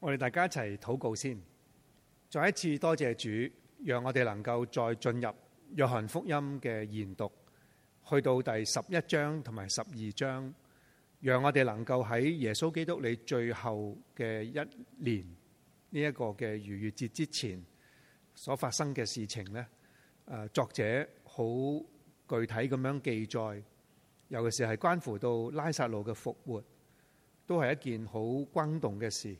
我哋大家一齊禱告先，再一次多謝主，讓我哋能夠再進入約翰福音嘅研讀，去到第十一章同埋十二章，讓我哋能夠喺耶穌基督你最後嘅一年呢一個嘅逾越節之前所發生嘅事情呢，誒，作者好具體咁樣記載，尤其是係關乎到拉撒路嘅復活，都係一件好轟動嘅事。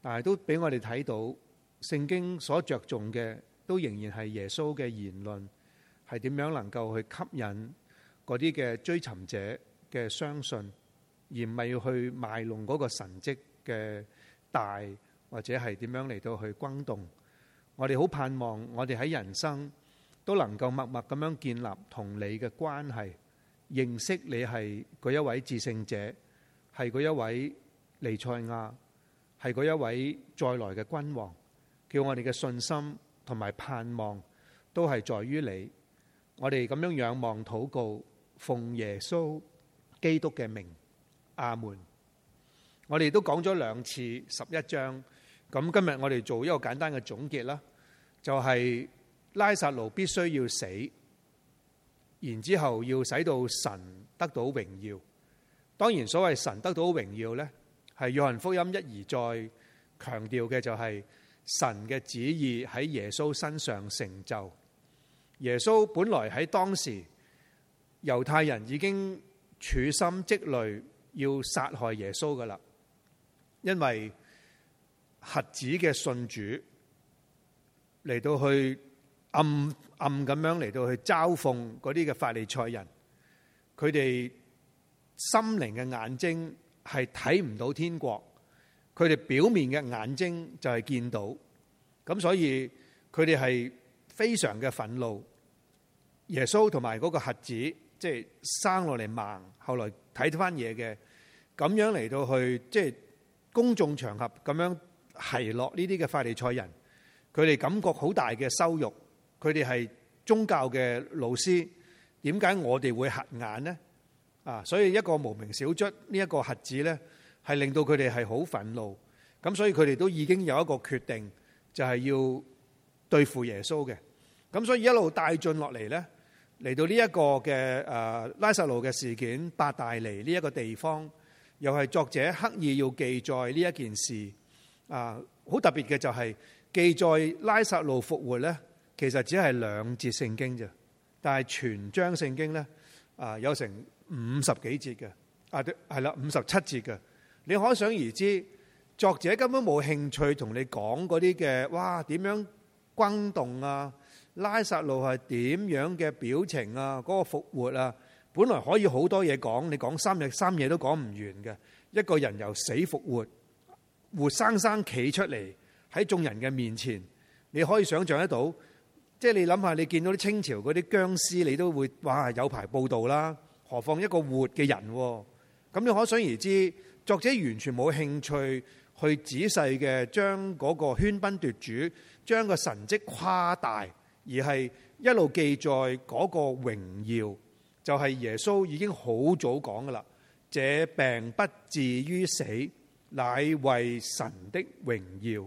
但係都俾我哋睇到，聖經所着重嘅都仍然係耶穌嘅言論，係點樣能夠去吸引嗰啲嘅追尋者嘅相信，而唔係要去賣弄嗰個神蹟嘅大，或者係點樣嚟到去轟動。我哋好盼望我哋喺人生都能夠默默咁樣建立同你嘅關係，認識你係嗰一位至聖者，係嗰一位尼賽亞。係嗰一位再來嘅君王，叫我哋嘅信心同埋盼望都係在於你。我哋咁樣仰望禱告，奉耶穌基督嘅名，阿門。我哋都講咗兩次十一章，咁今日我哋做一個簡單嘅總結啦。就係、是、拉撒路必須要死，然之後要使到神得到榮耀。當然，所謂神得到榮耀呢。係約翰福音一而再強調嘅就係神嘅旨意喺耶穌身上成就。耶穌本來喺當時猶太人已經處心積慮要殺害耶穌噶啦，因為核子嘅信主嚟到去暗暗咁樣嚟到去嘲諷嗰啲嘅法利賽人，佢哋心靈嘅眼睛。係睇唔到天國，佢哋表面嘅眼睛就係見到，咁所以佢哋係非常嘅憤怒。耶穌同埋嗰個瞎子，即係生落嚟盲，後來睇到翻嘢嘅，咁樣嚟到去即係公眾場合咁樣奚落呢啲嘅法利賽人，佢哋感覺好大嘅羞辱。佢哋係宗教嘅老師，點解我哋會瞎眼呢？啊，所以一個無名小卒呢一個核子呢，係令到佢哋係好憤怒咁。所以佢哋都已經有一個決定，就係、是、要對付耶穌嘅，咁，所以一路帶進落嚟呢，嚟到呢一個嘅誒拉撒路嘅事件，伯大尼呢一個地方，又係作者刻意要記載呢一件事啊，好特別嘅就係、是、記載拉撒路復活呢，其實只係兩節聖經啫，但係全章聖經呢，啊有成。五十幾節嘅啊，係啦，五十七節嘅。你可想而知，作者根本冇興趣同你講嗰啲嘅。哇，點樣轟動啊？拉撒路係點樣嘅表情啊？嗰個復活啊，本來可以好多嘢講，你講三日三夜都講唔完嘅。一個人由死復活，活生生企出嚟喺眾人嘅面前，你可以想像得到。即係你諗下，你見到啲清朝嗰啲僵屍，你都會話有排報道啦。何況一個活嘅人，咁你可想而知，作者完全冇興趣去仔細嘅將嗰個喧賓奪主，將個神蹟誇大，而係一路記載嗰個榮耀，就係、是、耶穌已經好早講噶啦，這病不至於死，乃為神的榮耀。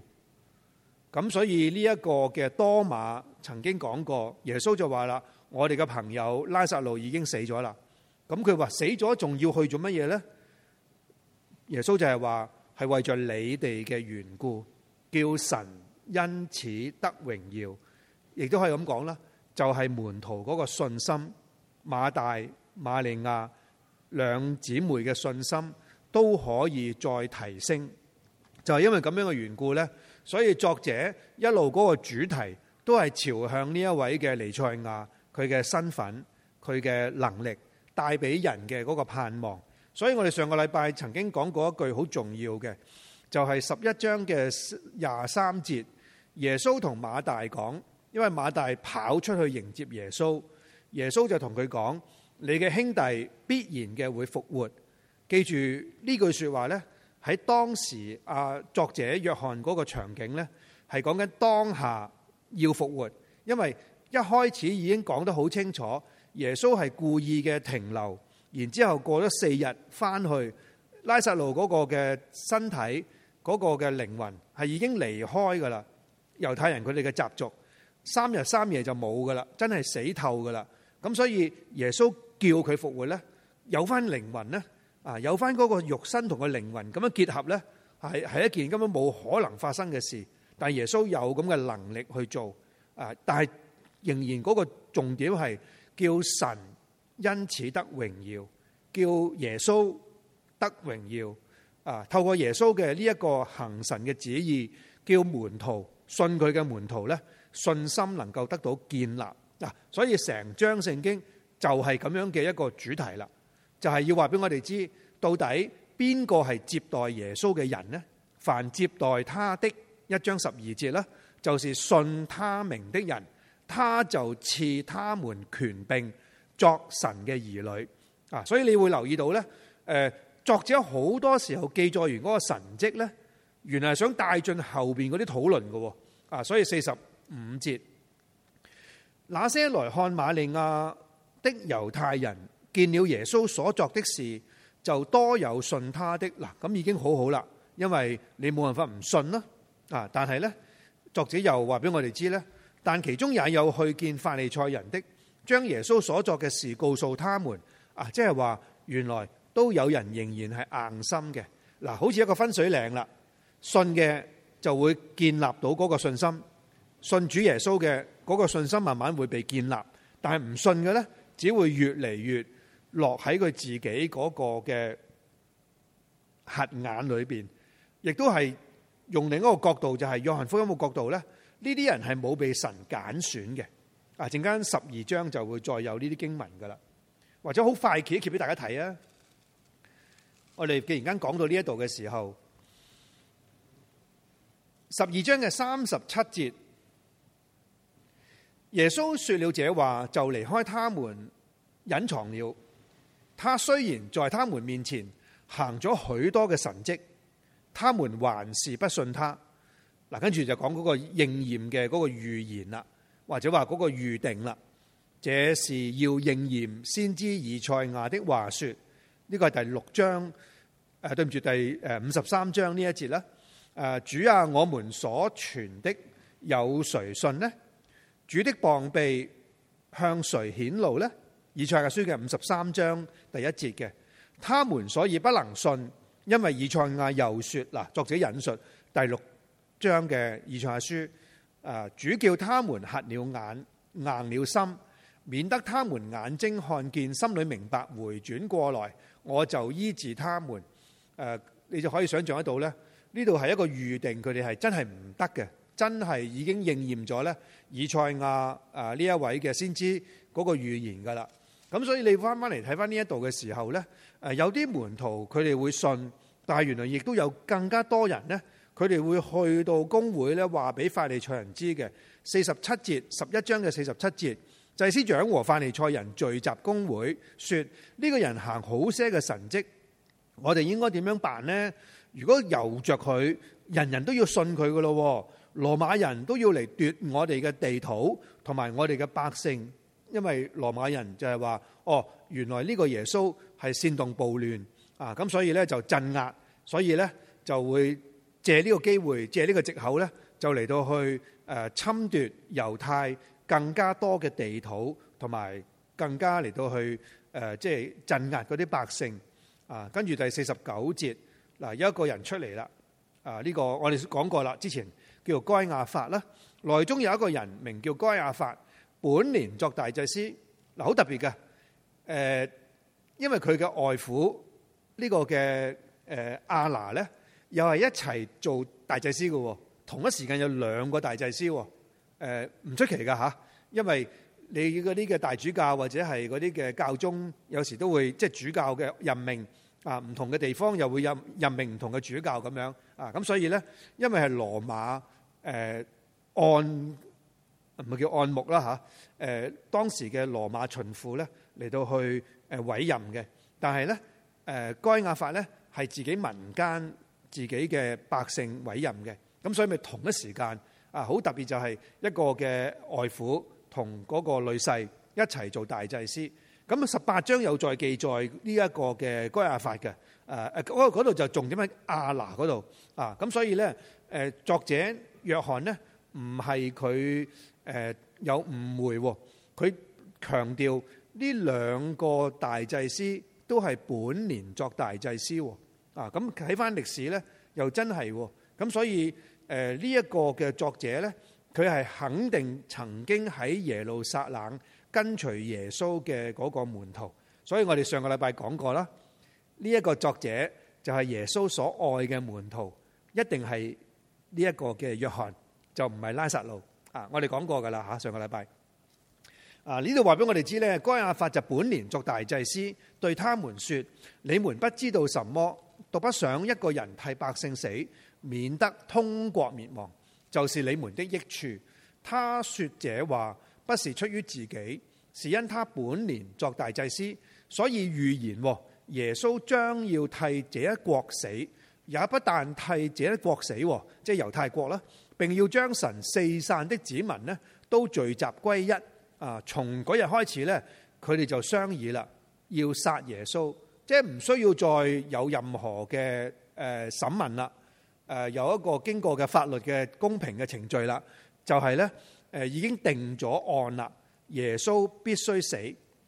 咁所以呢一個嘅多馬曾經講過，耶穌就話啦：我哋嘅朋友拉撒路已經死咗啦。咁佢話死咗仲要去做乜嘢呢？耶穌就係話係為着你哋嘅緣故，叫神因此得榮耀，亦都可以咁講啦。就係門徒嗰個信心，馬大、馬利亞兩姊妹嘅信心都可以再提升。就係因為咁樣嘅緣故呢，所以作者一路嗰個主題都係朝向呢一位嘅彌賽亞，佢嘅身份，佢嘅能力。帶俾人嘅嗰個盼望，所以我哋上個禮拜曾經講過一句好重要嘅，就係十一章嘅廿三節，耶穌同馬大講，因為馬大跑出去迎接耶穌，耶穌就同佢講：你嘅兄弟必然嘅會復活。記住呢句說話呢，喺當時啊作者約翰嗰個場景呢，係講緊當下要復活，因為一開始已經講得好清楚。耶穌係故意嘅停留，然之後過咗四日翻去拉撒路嗰個嘅身體，嗰個嘅靈魂係已經離開噶啦。猶太人佢哋嘅習俗三日三夜就冇噶啦，真係死透噶啦。咁所以耶穌叫佢復活咧，有翻靈魂咧啊，有翻嗰個肉身同個靈魂咁樣結合咧，係係一件根本冇可能發生嘅事。但係耶穌有咁嘅能力去做啊，但係仍然嗰個重點係。叫神因此得榮耀，叫耶穌得榮耀啊！透過耶穌嘅呢一個行神嘅旨意，叫門徒信佢嘅門徒咧，信心能夠得到建立嗱。所以成章聖經就係咁樣嘅一個主題啦，就係、是、要話俾我哋知，到底邊個係接待耶穌嘅人呢？凡接待他的，一章十二節咧，就是信他名的人。他就賜他們權柄作神嘅兒女，啊，所以你會留意到呢，誒，作者好多時候記載完嗰個神蹟呢，原來想帶進後邊嗰啲討論嘅，啊，所以四十五節，那些來看瑪利亞的猶太人見了耶穌所作的事，就多有信他的。嗱，咁已經好好啦，因為你冇辦法唔信啦，啊，但係呢，作者又話俾我哋知呢。但其中也有去見法利賽人的，將耶穌所作嘅事告訴他們啊！即係話，原來都有人仍然係硬心嘅。嗱，好似一個分水嶺啦，信嘅就會建立到嗰個信心，信主耶穌嘅嗰個信心慢慢會被建立。但係唔信嘅咧，只會越嚟越落喺佢自己嗰個嘅核眼裏邊，亦都係用另一個角度，就是，就係約翰福音嘅角度咧。呢啲人係冇被神揀選嘅。啊，陣間十二章就會再有呢啲經文噶啦，或者好快揭一揭俾大家睇啊！我哋既然間講到呢一度嘅時候，十二章嘅三十七節，耶穌說了這話，就離開他們，隱藏了。他雖然在他們面前行咗許多嘅神蹟，他們還是不信他。嗱，跟住就講嗰個應驗嘅嗰個預言啦，或者話嗰個預定啦，這是要應驗先知以賽亞的話説，呢、這個係第六章，誒、啊、對唔住，第誒五十三章呢一節啦。誒、啊、主啊，我們所傳的有誰信呢？主的膀臂向誰顯露呢？以賽亞書嘅五十三章第一節嘅，他們所以不能信，因為以賽亞又説，嗱，作者引述第六章嘅以賽亞書，主叫他們瞎了眼，硬了心，免得他們眼睛看見，心裏明白，回轉過來，我就醫治他們。誒、呃，你就可以想象得到咧，呢度係一個預定，佢哋係真係唔得嘅，真係已經應驗咗咧。以賽亞啊呢一位嘅先知嗰個預言噶啦，咁所以你翻翻嚟睇翻呢一度嘅時候咧，誒有啲門徒佢哋會信，但係原來亦都有更加多人咧。佢哋會去到公會咧，話俾法利賽人知嘅四十七節十一章嘅四十七節，祭司長和法利賽人聚集公會，說呢、呢個人行好些嘅神蹟，我哋應該點樣辦呢？如果由着佢，人人都要信佢嘅咯，羅馬人都要嚟奪我哋嘅地土同埋我哋嘅百姓，因為羅馬人就係話哦，原來呢個耶穌係煽動暴亂啊，咁所以咧就鎮壓，所以咧就，就會。借呢個機會，借呢個藉口咧，就嚟到去誒侵奪猶太，太更加多嘅地土，同埋更加嚟到去誒、呃，即係鎮壓嗰啲百姓啊！跟住第四十九節，嗱、啊、有一個人出嚟啦啊！呢、呢個我哋講過啦，之前叫做該亞法啦，內中有一個人名叫該亞法，本年作大祭司，嗱、啊、好特別嘅、呃、因為佢嘅外父、呢個呃、呢個嘅誒亞拿咧。又係一齊做大祭司嘅，同一時間有兩個大祭司誒，唔、呃、出奇㗎嚇。因為你嗰啲嘅大主教或者係嗰啲嘅教宗，有時都會即係主教嘅任命啊，唔同嘅地方又會任任命唔同嘅主教咁樣啊。咁所以咧，因為係羅馬誒按唔係叫按牧啦吓，誒、啊呃，當時嘅羅馬巡撫咧嚟到去誒委任嘅，但係咧誒該亞法咧係自己民間。自己嘅百姓委任嘅，咁所以咪同一時間啊，好特別就係一個嘅外父同嗰個女婿一齊做大祭司。咁啊，十八章有再記載呢一個嘅該亞法嘅，誒誒嗰度就重點喺亞拿嗰度啊。咁所以咧，誒作者約翰呢，唔係佢誒有誤會，佢強調呢兩個大祭司都係本年作大祭司。啊，咁睇翻歷史呢，又真係喎，咁所以誒呢一個嘅作者呢，佢係肯定曾經喺耶路撒冷跟隨耶穌嘅嗰個門徒，所以我哋上個禮拜講過啦，呢一個作者就係耶穌所愛嘅門徒，一定係呢一個嘅約翰，就唔係拉撒路啊！我哋講過噶啦嚇，上個禮拜啊呢度話俾我哋知呢，該亞法就本年作大祭司，對他們説：你們不知道什麼。獨不想一個人替百姓死，免得通國滅亡，就是你們的益處。他說這話不是出於自己，是因他本年作大祭司，所以預言耶穌將要替這一國死，也不但替這一國死，即係猶太國啦，並要將神四散的子民呢都聚集歸一。啊，從嗰日開始咧，佢哋就商議啦，要殺耶穌。即係唔需要再有任何嘅誒審問啦，誒有一個經過嘅法律嘅公平嘅程序啦，就係咧誒已經定咗案啦，耶穌必須死。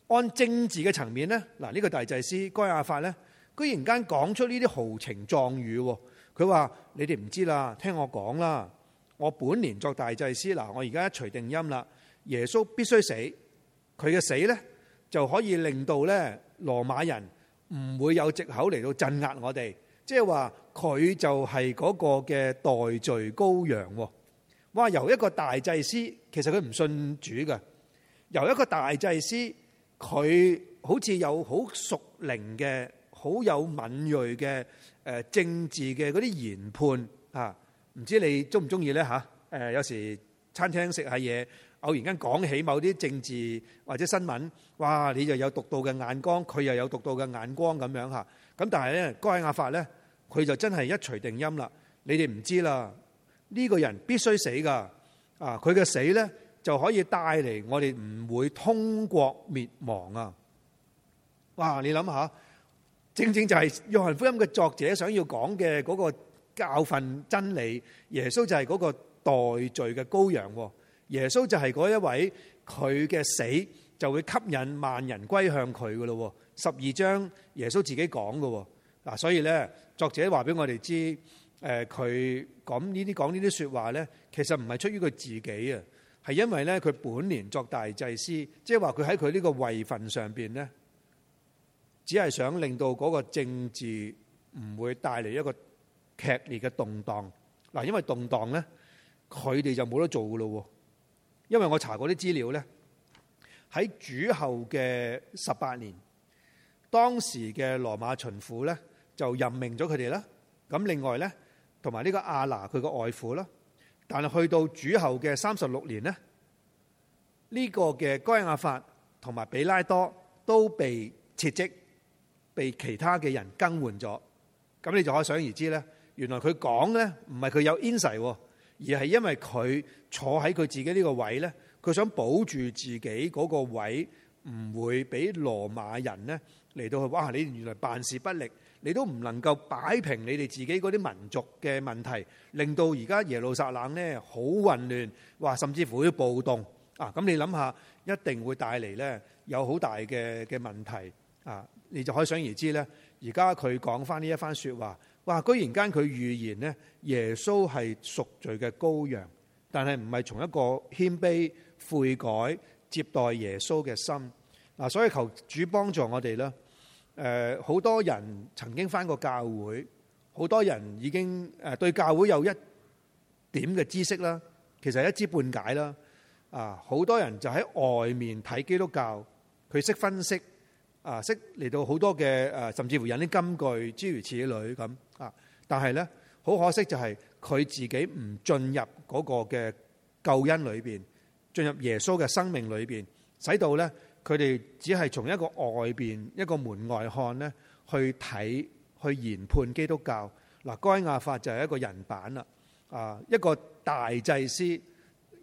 按政治嘅層面咧，嗱、這、呢個大祭司該亞法咧，居然間講出呢啲豪情壯語，佢話：你哋唔知啦，聽我講啦，我本年作大祭司，嗱我而家一錘定音啦，耶穌必須死，佢嘅死咧就可以令到咧羅馬人，唔會有藉口嚟到鎮壓我哋，即係話佢就係、是、嗰個嘅代罪羔羊喎。哇！由一個大祭司，其實佢唔信主嘅。由一個大祭司，佢好似有好熟靈嘅，好有敏鋭嘅，誒政治嘅嗰啲言判啊，唔知你中唔中意咧嚇？誒，有時餐廳食下嘢。偶然間講起某啲政治或者新聞，哇！你又有獨到嘅眼光，佢又有獨到嘅眼光咁樣吓。咁但係咧，該亞法咧，佢就真係一錘定音啦。你哋唔知啦，呢個人必須死噶。啊，佢嘅死咧就可以帶嚟我哋唔會通國滅亡啊！哇！你諗下，正正就係約翰福音嘅作者想要講嘅嗰個教訓真理，耶穌就係嗰個代罪嘅羔羊。耶穌就係嗰一位，佢嘅死就會吸引萬人歸向佢噶咯。十二章耶穌自己講噶，嗱，所以咧作者話俾我哋知，誒佢講呢啲講呢啲説話咧，其實唔係出於佢自己啊，係因為咧佢本年作大祭司，即係話佢喺佢呢個位份上邊咧，只係想令到嗰個政治唔會帶嚟一個劇烈嘅動盪嗱，因為動盪咧佢哋就冇得做噶咯。因為我查過啲資料咧，喺主後嘅十八年，當時嘅羅馬巡撫咧就任命咗佢哋啦。咁另外咧，同埋呢個阿拿佢個外父啦。但係去到主後嘅三十六年呢，呢、呢個嘅該亞法同埋比拉多都被撤職，被其他嘅人更換咗。咁你就可想而知咧，原來佢講咧唔係佢有 insight 喎。而係因為佢坐喺佢自己呢個位呢，佢想保住自己嗰個位，唔會俾羅馬人呢嚟到去。哇！你原來辦事不力，你都唔能夠擺平你哋自己嗰啲民族嘅問題，令到而家耶路撒冷呢好混亂，哇！甚至乎啲暴動啊，咁你諗下，一定會帶嚟呢有好大嘅嘅問題啊！你就可以想而知呢，而家佢講翻呢一番說話。哇！居然間佢預言咧，耶穌係贖罪嘅羔羊，但係唔係從一個謙卑悔改接待耶穌嘅心嗱，所以求主幫助我哋啦。誒、呃，好多人曾經返過教會，好多人已經誒對教會有一點嘅知識啦，其實一知半解啦。啊、呃，好多人就喺外面睇基督教，佢識分析啊，識嚟到好多嘅誒，甚至乎引啲金句，諸如此類咁。但係咧，好可惜就係佢自己唔進入嗰個嘅救恩裏邊，進入耶穌嘅生命裏邊。使到咧佢哋只係從一個外邊、一個門外漢咧去睇、去研判基督教。嗱，該亞法就係一個人版啦，啊，一個大祭司、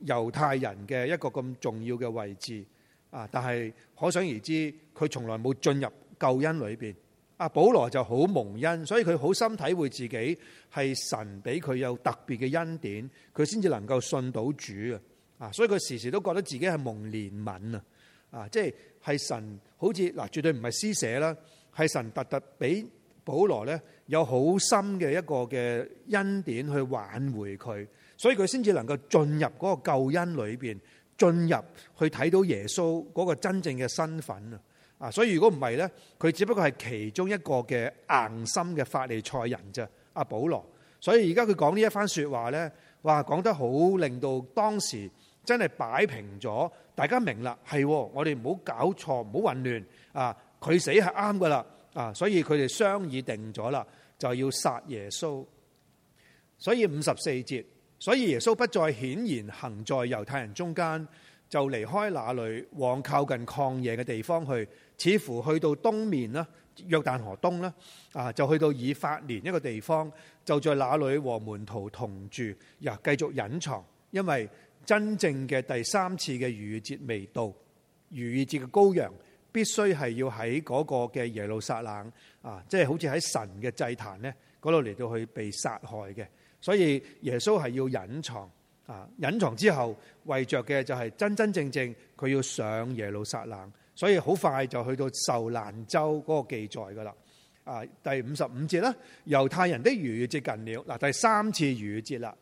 猶太人嘅一個咁重要嘅位置，啊，但係可想而知，佢從來冇進入救恩裏邊。阿保羅就好蒙恩，所以佢好深體會自己係神俾佢有特別嘅恩典，佢先至能夠信到主啊！啊，所以佢時時都覺得自己係蒙憐憫啊！啊、就是，即係係神好似嗱，絕對唔係施捨啦，係神特特俾保羅咧有好深嘅一個嘅恩典去挽回佢，所以佢先至能夠進入嗰個救恩裏邊，進入去睇到耶穌嗰個真正嘅身份啊！啊！所以如果唔係呢，佢只不過係其中一個嘅硬心嘅法利賽人啫。阿保羅，所以而家佢講呢一番説話呢，哇，講得好令到當時真係擺平咗，大家明啦，係我哋唔好搞錯，唔好混亂啊！佢死係啱噶啦啊！所以佢哋商議定咗啦，就要殺耶穌。所以五十四節，所以耶穌不再顯然行在猶太人中間，就離開那裏往靠近曠野嘅地方去。似乎去到東面啦，約旦河東啦，啊，就去到以法蓮一個地方，就在那裡和門徒同住，又繼續隱藏，因為真正嘅第三次嘅逾越節未到，逾越節嘅羔羊必須係要喺嗰個嘅耶路撒冷啊，即係好似喺神嘅祭壇咧嗰度嚟到去被殺害嘅，所以耶穌係要隱藏，啊，隱藏之後為着嘅就係真真正正佢要上耶路撒冷。所以好快就去到受難周嗰個記載噶啦，啊，第五十五節啦，猶太人的逾越節近了，嗱第三次逾越節啦，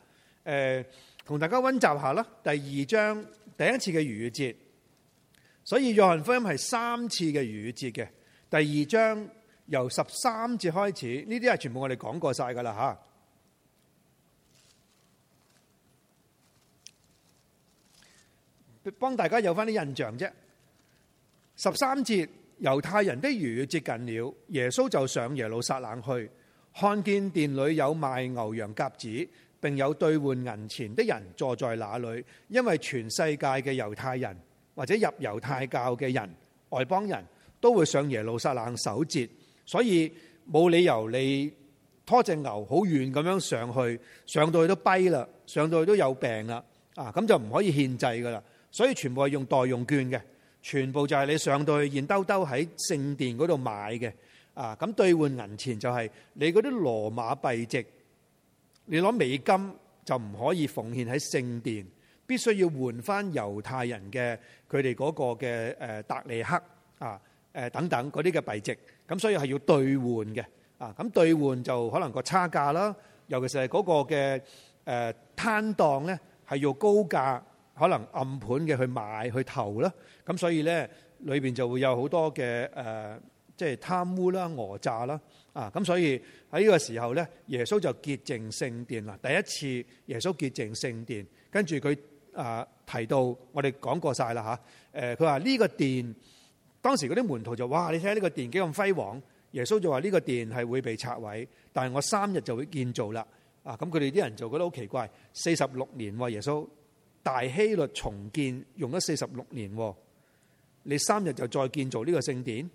誒同大家溫習下啦，第二章第一次嘅逾越節，所以約翰福音係三次嘅逾越節嘅，第二章由十三節開始，呢啲係全部我哋講過晒噶啦吓，幫大家有翻啲印象啫。十三節，猶太人的逾越接近了，耶穌就上耶路撒冷去，看見殿裡有賣牛羊鴿子，並有兌換銀錢的人坐在那裡。因為全世界嘅猶太人或者入猶太教嘅人，外邦人都會上耶路撒冷守節，所以冇理由你拖隻牛好遠咁樣上去，上到去都跛啦，上到去都有病啦,了啊咁就唔可以獻祭噶啦，所以全部係用代用券嘅。全部就係你上到去現兜兜喺聖殿嗰度買嘅。啊咁兌換銀錢就係你嗰啲羅馬幣值，你攞美金就唔可以奉獻喺聖殿，必須要換返猶太人嘅佢哋嗰個嘅誒達尼克啊誒等等嗰啲嘅幣值，咁所以係要兌換嘅，啊咁兌換就可能個差價啦，尤其是係嗰個嘅誒攤檔咧係要高價。可能暗盤嘅去買去投啦，咁所以咧裏邊就會有好多嘅誒，即係貪污啦、訛詐啦，啊咁所以喺呢個時候咧，耶穌就潔淨聖殿啦。第一次耶穌潔淨聖殿，跟住佢誒提到我哋講過晒啦吓，誒佢話呢個殿，當時嗰啲門徒就哇，你睇下呢個殿幾咁輝煌，耶穌就話呢個殿係會被拆毀，但係我三日就會建造啦，啊咁佢哋啲人就覺得好奇怪，四十六年話耶穌。大希律重建用咗四十六年，你三日就再建造呢個聖殿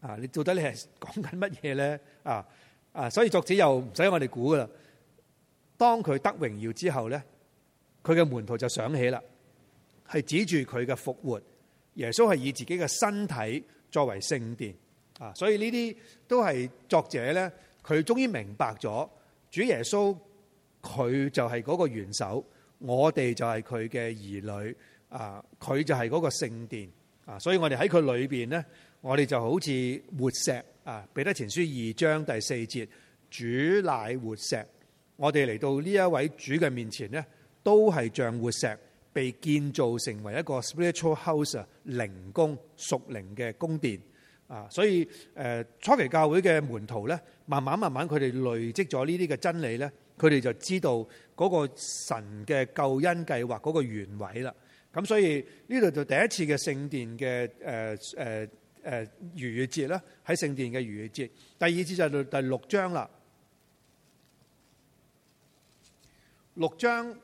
啊？你到底你係講緊乜嘢咧？啊啊！所以作者又唔使我哋估噶啦。當佢得榮耀之後咧，佢嘅門徒就想起啦，係指住佢嘅復活。耶穌係以自己嘅身體作為聖殿啊！所以呢啲都係作者咧，佢終於明白咗主耶穌，佢就係嗰個元首。我哋就係佢嘅兒女啊，佢就係嗰個聖殿啊，所以我哋喺佢裏邊咧，我哋就好似活石啊。彼得前書二章第四節，主乃活石，我哋嚟到呢一位主嘅面前咧，都係像活石，被建造成為一個 spiritual house 靈宮、屬靈嘅宮殿啊。所以誒，初期教會嘅門徒咧，慢慢慢慢佢哋累積咗呢啲嘅真理咧，佢哋就知道。嗰個神嘅救恩計劃嗰個原委啦，咁所以呢度就第一次嘅聖殿嘅誒誒誒逾越節啦，喺、呃、聖、呃呃、殿嘅逾越節。第二次就到第六章啦，六章。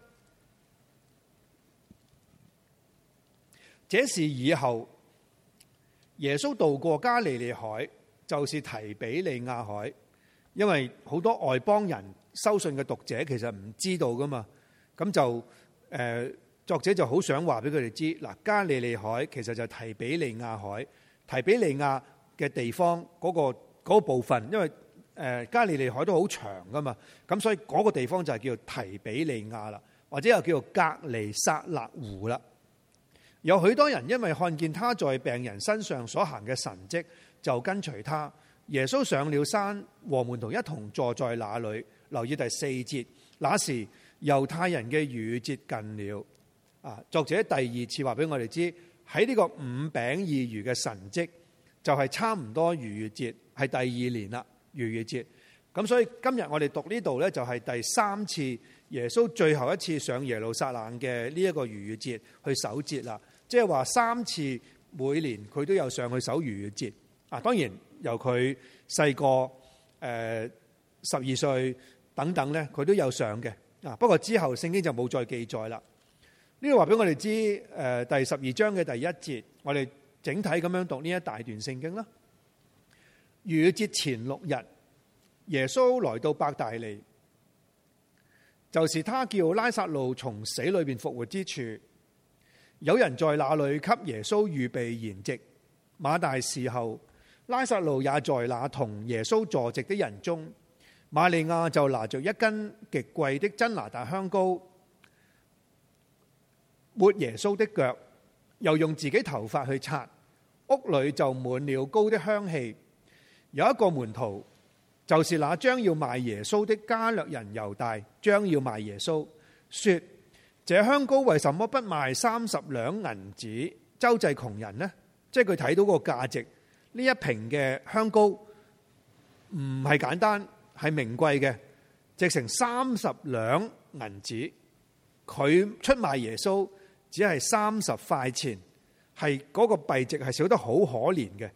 這是以後耶穌渡過加利利海，就是提比利亞海，因為好多外邦人。收信嘅讀者其實唔知道噶嘛，咁就誒、呃、作者就好想話俾佢哋知嗱。加利利海其實就提比利亞海，提比利亞嘅地方嗰、那個、那個部分，因為誒、呃、加利利海都好長噶嘛，咁所以嗰個地方就係叫做提比利亞啦，或者又叫做格尼撒勒湖啦。有許多人因為看見他在病人身上所行嘅神跡，就跟隨他。耶穌上了山，和門徒一同坐在那裏。留意第四節，那時猶太人嘅逾節近了。啊，作者第二次話俾我哋知，喺呢個五餅二魚嘅神蹟，就係、是、差唔多逾越節，係第二年啦。逾越節。咁所以今日我哋讀呢度呢，就係第三次耶穌最後一次上耶路撒冷嘅呢一個逾越節去守節啦。即係話三次每年佢都有上去守逾越節。啊，當然由佢細個誒十二歲。等等咧，佢都有上嘅啊！不過之後聖經就冇再記載啦。呢度話俾我哋知，誒第十二章嘅第一節，我哋整體咁樣讀呢一大段聖經啦。逾節前六日，耶穌來到伯大尼，就是他叫拉撒路從死裏邊復活之處。有人在那裏給耶穌預備筵席。馬大侍候，拉撒路也在那同耶穌坐席的人中。瑪利亞就拿着一根極貴的真拿大香膏，抹耶穌的腳，又用自己頭髮去擦。屋裏就滿了膏的香氣。有一個門徒，就是那將要賣耶穌的加略人猶大，將要賣耶穌，說：這香膏為什麼不賣三十兩銀子，周濟窮人呢？即係佢睇到個價值，呢一瓶嘅香膏唔係簡單。係名貴嘅，值成三十兩銀子。佢出賣耶穌，只係三十塊錢，係嗰個幣值係少得好可憐嘅。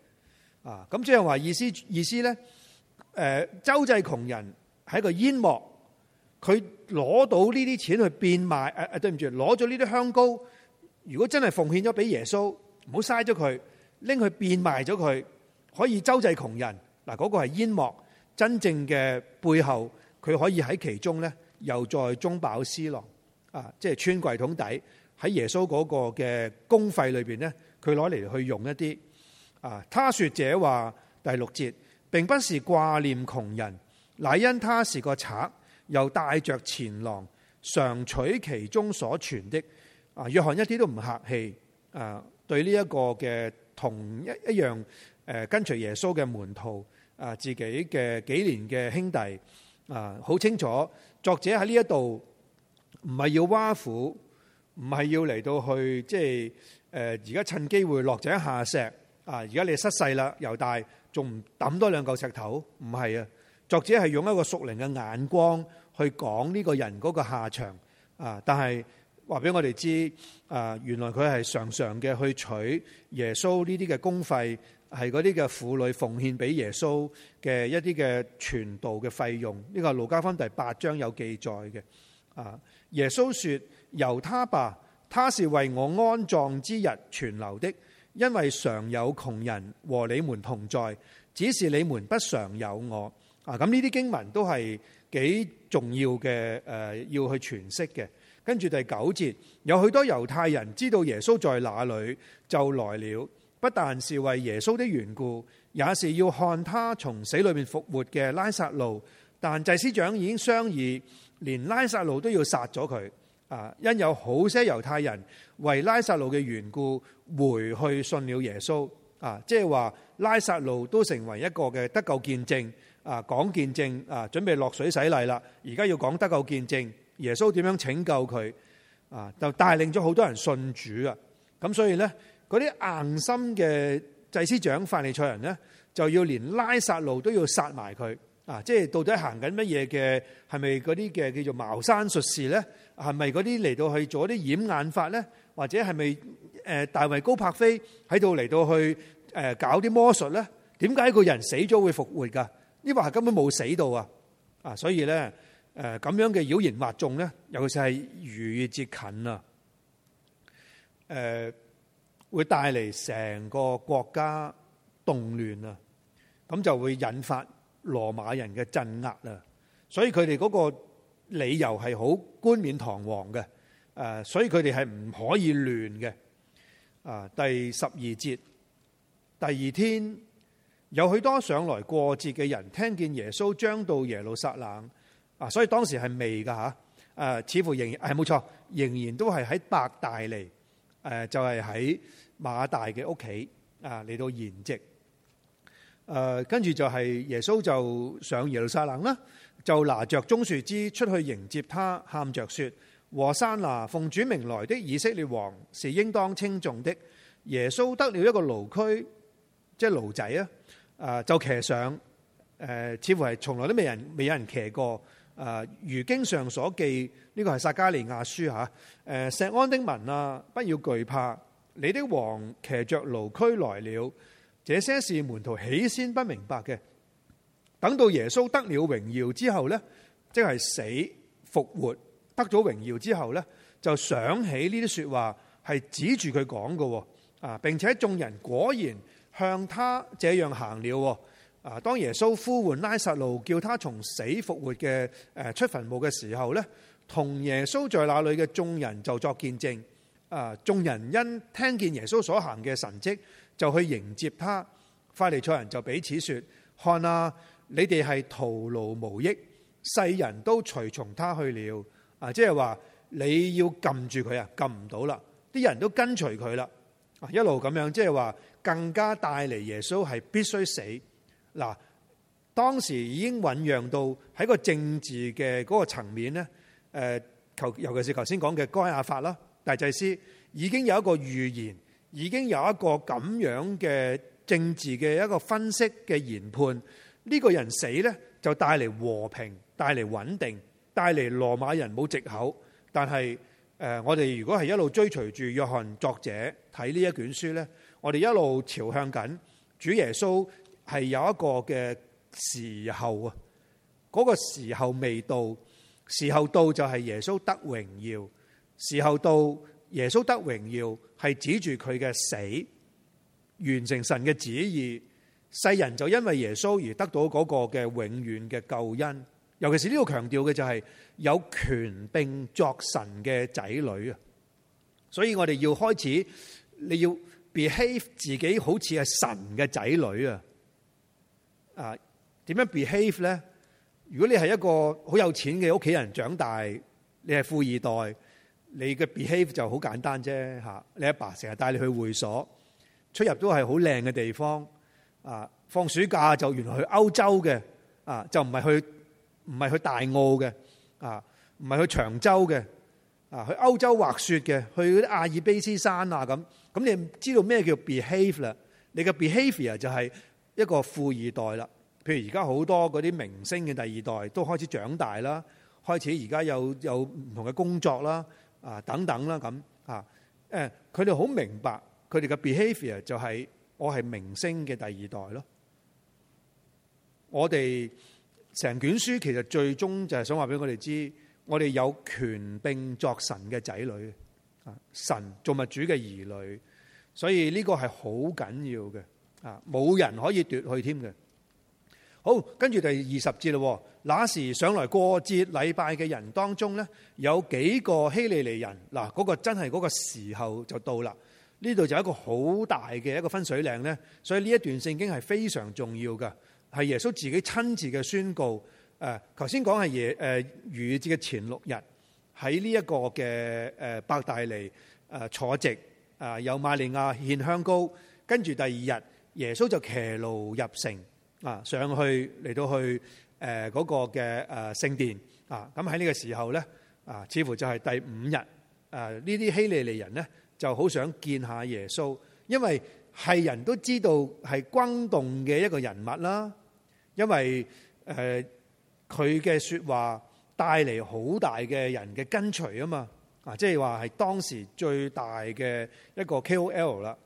啊，咁即係話意思意思咧，誒，周濟窮人係一個煙幕，佢攞到呢啲錢去變賣，誒、啊、誒，對唔住，攞咗呢啲香膏，如果真係奉獻咗俾耶穌，唔好嘥咗佢，拎佢變賣咗佢，可以周濟窮人。嗱，嗰個係煙幕。真正嘅背後，佢可以喺其中呢，又再中飽私囊啊！即係穿櫃桶底喺耶穌嗰個嘅公費裏邊呢，佢攞嚟去用一啲啊。他說這話第六節，並不是掛念窮人，乃因他是個賊，又帶着錢囊，常取其中所存的啊。約翰一啲都唔客氣啊，對呢一個嘅同一一樣誒，跟隨耶穌嘅門徒。啊！自己嘅幾年嘅兄弟啊，好清楚作者喺呢一度唔係要挖苦，唔係要嚟到去即係誒而家趁機會落井下石啊！而家你失勢啦，又大，仲唔抌多兩嚿石頭？唔係啊！作者係用一個屬靈嘅眼光去講呢個人嗰個下場啊！但係話俾我哋知啊，原來佢係常常嘅去取耶穌呢啲嘅公費。係嗰啲嘅婦女奉獻俾耶穌嘅一啲嘅傳道嘅費用，呢個《路加福音》第八章有記載嘅。啊，耶穌說：由他吧，他是為我安葬之日存留的，因為常有窮人和你們同在，只是你們不常有我。啊，咁呢啲經文都係幾重要嘅，呃，要去詮釋嘅。跟住第九節，有許多猶太人知道耶穌在哪裏，就來了。不但是為耶穌的緣故，也是要看他從死裏面復活嘅拉撒路。但祭司長已經商議，連拉撒路都要殺咗佢。啊，因有好些猶太人為拉撒路嘅緣故回去信了耶穌。啊，即係話拉撒路都成為一個嘅得救見證。啊，講見證啊，準備落水洗禮啦。而家要講得救見證，耶穌點樣拯救佢？啊，就帶領咗好多人信主啊。咁所以呢。嗰啲硬心嘅祭司長法利賽人咧，就要連拉撒路都要殺埋佢啊！即係到底行緊乜嘢嘅？係咪嗰啲嘅叫做茅山術士咧？係咪嗰啲嚟到去做啲掩眼法咧？或者係咪誒大衛高柏飛喺度嚟到去誒搞啲魔術咧？點解一個人死咗會復活㗎？呢個係根本冇死到啊！啊，所以咧誒咁樣嘅妖言惑眾咧，尤其是係漸漸接近啊誒。會帶嚟成個國家動亂啊，咁就會引發羅馬人嘅鎮壓啊，所以佢哋嗰個理由係好冠冕堂皇嘅，誒，所以佢哋係唔可以亂嘅。啊，第十二節，第二天有許多上來過節嘅人，聽見耶穌將到耶路撒冷啊，所以當時係未噶吓，誒，似乎仍然係冇錯，仍然都係喺伯大尼誒就係喺馬大嘅屋企啊，嚟到筵席。誒跟住就係耶穌就上耶路撒冷啦，就拿着棕樹枝出去迎接他，喊着說：和散那！奉主名來的以色列王是應當稱頌的。耶穌得了一個驢駒，即係驢仔啊！啊就騎上，誒、呃、似乎係從來都未人未有人騎過。啊！如經上所記，呢、這個係撒迦利亞書吓，誒，錫安的民啊，不要懼怕，你的王騎着驢駒來了。這些事門徒起先不明白嘅，等到耶穌得了榮耀之後呢，即係死復活，得咗榮耀之後呢，就想起呢啲說話係指住佢講嘅啊！並且眾人果然向他這樣行了。啊！當耶穌呼喚拉撒路，叫他從死復活嘅誒出墳墓嘅時候呢，同耶穌在那裏嘅眾人就作見證。啊！眾人因聽見耶穌所行嘅神跡，就去迎接他。法利賽人就彼此説：看啊，你哋係徒勞無益，世人都隨從他去了啊！即係話你要撳住佢啊，撳唔到啦。啲人都跟隨佢啦，一路咁樣，即係話更加帶嚟耶穌係必須死。嗱，當時已經醖釀到喺個政治嘅嗰個層面呢，誒，求尤其是頭先講嘅該亞法啦，大祭司已經有一個預言，已經有一個咁樣嘅政治嘅一個分析嘅研判，呢、呢個人死呢，就帶嚟和平、帶嚟穩定、帶嚟羅馬人冇藉口。但係誒，我哋如果係一路追隨住約翰作者睇呢一卷書呢，我哋一路朝向緊主耶穌。係有一個嘅時候啊，嗰個時候未到，時候到就係耶穌得榮耀。時候到耶穌得榮耀，係指住佢嘅死，完成神嘅旨意。世人就因為耶穌而得到嗰個嘅永遠嘅救恩。尤其是呢度強調嘅就係有權柄作神嘅仔女啊。所以我哋要開始，你要 behave 自己好似係神嘅仔女啊。啊，點樣 behave 咧？如果你係一個好有錢嘅屋企人長大，你係富二代，你嘅 behave 就好簡單啫嚇。你阿爸成日帶你去會所，出入都係好靚嘅地方。啊，放暑假就原來去歐洲嘅，啊就唔係去唔係去大澳嘅，啊唔係去長洲嘅，啊去歐洲滑雪嘅，去啲亞爾卑斯山啊咁。咁你知道咩叫 behave 啦？你嘅 behave 就係、是。一個富二代啦，譬如而家好多嗰啲明星嘅第二代都開始長大啦，開始而家有有唔同嘅工作啦，啊等等啦咁啊，誒，佢哋好明白佢哋嘅 behavior 就係、是、我係明星嘅第二代咯。我哋成卷書其實最終就係想話俾我哋知，我哋有權並作神嘅仔女，啊，神造物主嘅兒女，所以呢個係好緊要嘅。啊！冇人可以奪去添嘅。好，跟住第二十節咯。那時上來過節禮拜嘅人當中呢，有幾個希利尼人嗱。嗰個真係嗰個時候就到啦。呢度就一個好大嘅一個分水嶺呢。所以呢一段聖經係非常重要嘅，係耶穌自己親自嘅宣告。誒，頭先講係耶誒逾節嘅前六日喺呢一個嘅誒伯大尼誒坐席，啊有瑪利亞獻香膏，跟住第二日。耶穌就騎驢入城啊，上去嚟到去誒嗰、呃那個嘅誒聖殿啊。咁喺呢個時候咧啊，似乎就係第五日啊。呢啲希利尼人咧就好想見下耶穌，因為係人都知道係轟動嘅一個人物啦。因為誒佢嘅説話帶嚟好大嘅人嘅跟隨啊嘛啊，即係話係當時最大嘅一個 KOL 啦。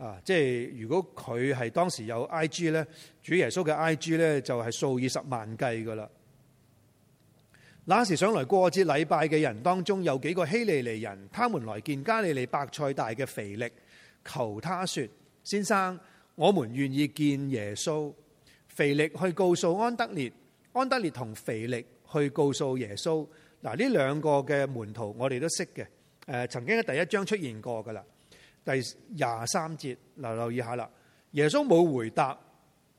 啊！即係如果佢係當時有 I.G. 呢，主耶穌嘅 I.G. 呢，就係數以十萬計噶啦。那時上來過節禮拜嘅人當中有幾個希利尼人，他們來見加利利伯賽大嘅腓力，求他説：先生，我們願意見耶穌。腓力去告訴安德烈，安德烈同腓力去告訴耶穌。嗱，呢兩個嘅門徒我哋都識嘅，誒曾經喺第一章出現過噶啦。第廿三節，嗱留意下啦。耶穌冇回答，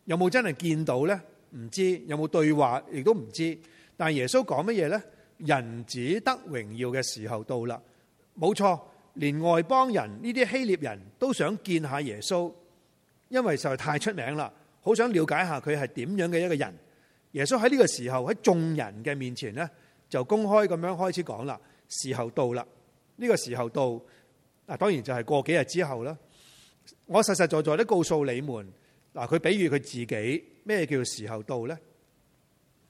有冇真係見到呢？唔知有冇對話，亦都唔知。但係耶穌講乜嘢呢？「人子得榮耀嘅時候到啦，冇錯。連外邦人呢啲希臘人都想見下耶穌，因為實在太出名啦，好想了解下佢係點樣嘅一個人。耶穌喺呢個時候喺眾人嘅面前呢，就公開咁樣開始講啦。時候到啦，呢、呢個時候到。嗱，當然就係過幾日之後啦。我實實在在都告訴你們，嗱，佢比喻佢自己咩叫時候到呢？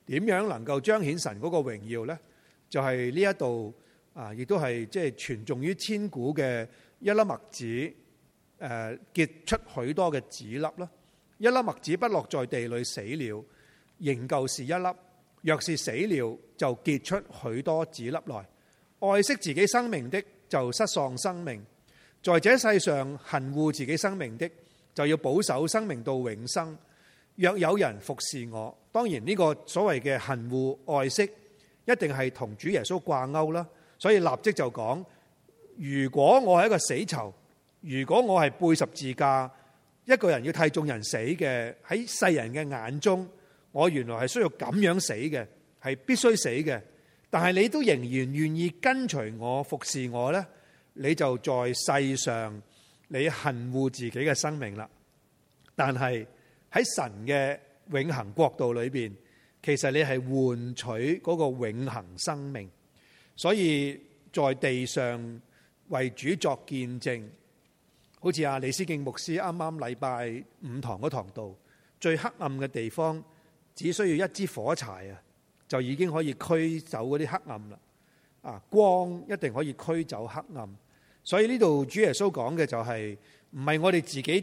點樣能夠彰顯神嗰個榮耀呢？就係呢一度啊，亦都係即係傳頌於千古嘅一粒麥子，誒結出許多嘅子粒啦。一粒麥子不落在地裏死了，仍舊是一粒；若是死了，就結出許多子粒來。愛惜自己生命的，就失喪生命，在這世上恨惡自己生命的，就要保守生命到永生。若有人服侍我，當然呢個所謂嘅恨惡愛惜，一定係同主耶穌掛鈎啦。所以立即就講：如果我係一個死囚，如果我係背十字架，一個人要替眾人死嘅，喺世人嘅眼中，我原來係需要咁樣死嘅，係必須死嘅。但係你都仍然願意跟隨我服侍我呢？你就在世上你恨惡自己嘅生命啦。但係喺神嘅永恆國度裏邊，其實你係換取嗰個永恆生命。所以在地上為主作見證，好似阿李思敬牧師啱啱禮拜五堂嗰堂度，最黑暗嘅地方只需要一支火柴啊！就已經可以驅走嗰啲黑暗啦，啊光一定可以驅走黑暗，所以呢度主耶穌講嘅就係唔係我哋自己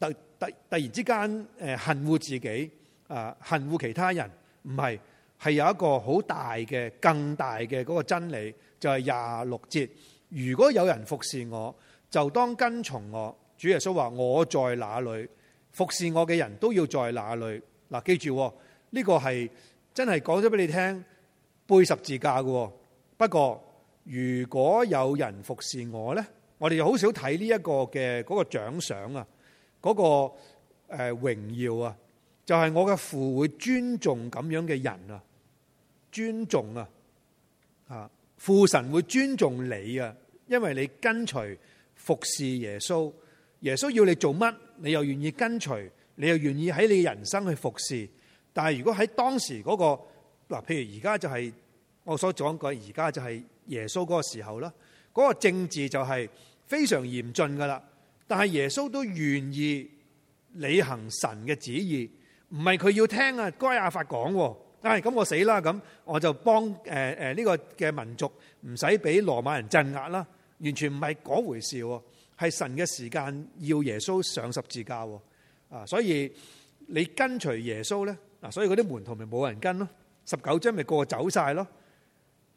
突突突然之間誒恨惡自己啊恨惡其他人，唔係，係有一個好大嘅更大嘅嗰個真理，就係廿六節，如果有人服侍我，就當跟從我。主耶穌話：我在哪裏服侍我嘅人都要在哪裏。嗱，記住呢、哦呢個係。真係講咗俾你聽背十字架嘅，不過如果有人服侍我呢，我哋好少睇呢一個嘅嗰個獎賞啊，嗰個誒榮耀啊，就係我嘅父會尊重咁樣嘅人啊，尊重啊，父神會尊重你啊，因為你跟隨服侍耶穌，耶穌要你做乜，你又願意跟隨，你又願意喺你嘅人生去服侍。但係如果喺當時嗰、那個嗱，譬如而家就係、是、我所講過，而家就係耶穌嗰個時候啦。嗰、那個政治就係非常嚴峻噶啦。但係耶穌都願意履行神嘅旨意，唔係佢要聽啊該亞、啊、法講、啊，唉、哎、咁我死啦咁，那我就幫誒誒呢個嘅民族唔使俾羅馬人鎮壓啦。完全唔係嗰回事喎、啊，係神嘅時間要耶穌上十字架喎。啊，所以你跟隨耶穌咧。嗱，所以嗰啲門徒咪冇人跟咯，十九章咪個個走晒咯，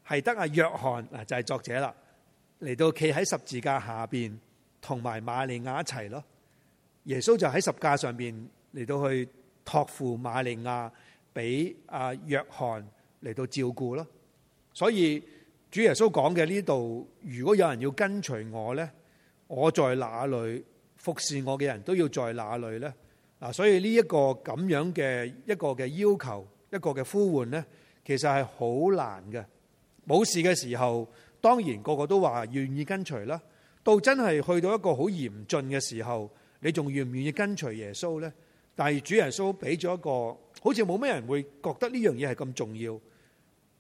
係得阿約翰嗱就係、是、作者啦，嚟到企喺十字架下邊，同埋馬利亞一齊咯。耶穌就喺十架上邊嚟到去託付馬利亞俾阿約翰嚟到照顧咯。所以主耶穌講嘅呢度，如果有人要跟隨我咧，我在哪裏？服侍我嘅人都要在哪裏咧。嗱，所以呢一個咁樣嘅一個嘅要求，一個嘅呼喚呢，其實係好難嘅。冇事嘅時候，當然個個都話願意跟隨啦。到真係去到一個好嚴峻嘅時候，你仲願唔願意跟隨耶穌呢？但係主耶穌俾咗一個，好似冇咩人會覺得呢樣嘢係咁重要。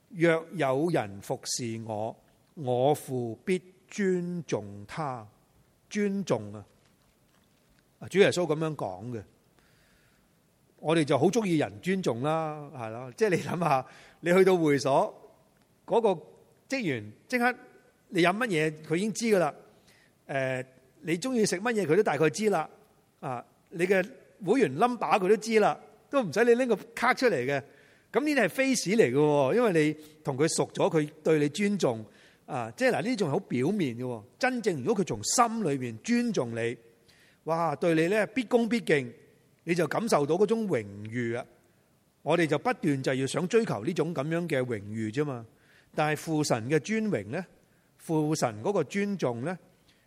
若有人服侍我，我父必尊重他，尊重啊！主耶穌咁樣講嘅。我哋就好中意人尊重啦，係咯，即係你諗下，你去到會所嗰個職員，即刻你飲乜嘢，佢已經知噶啦。誒，你中意食乜嘢，佢都大概知啦。啊，你嘅會員 number 佢都知啦，都唔使你拎個卡出嚟嘅。咁呢啲係 face 嚟嘅，因為你同佢熟咗，佢對你尊重啊。即係嗱，呢啲仲係好表面嘅。真正如果佢從心裏邊尊重你，哇，對你咧必恭必敬。你就感受到嗰種榮譽啊！我哋就不斷就要想追求呢種咁樣嘅榮譽啫嘛。但係父神嘅尊榮呢，父神嗰個尊重呢，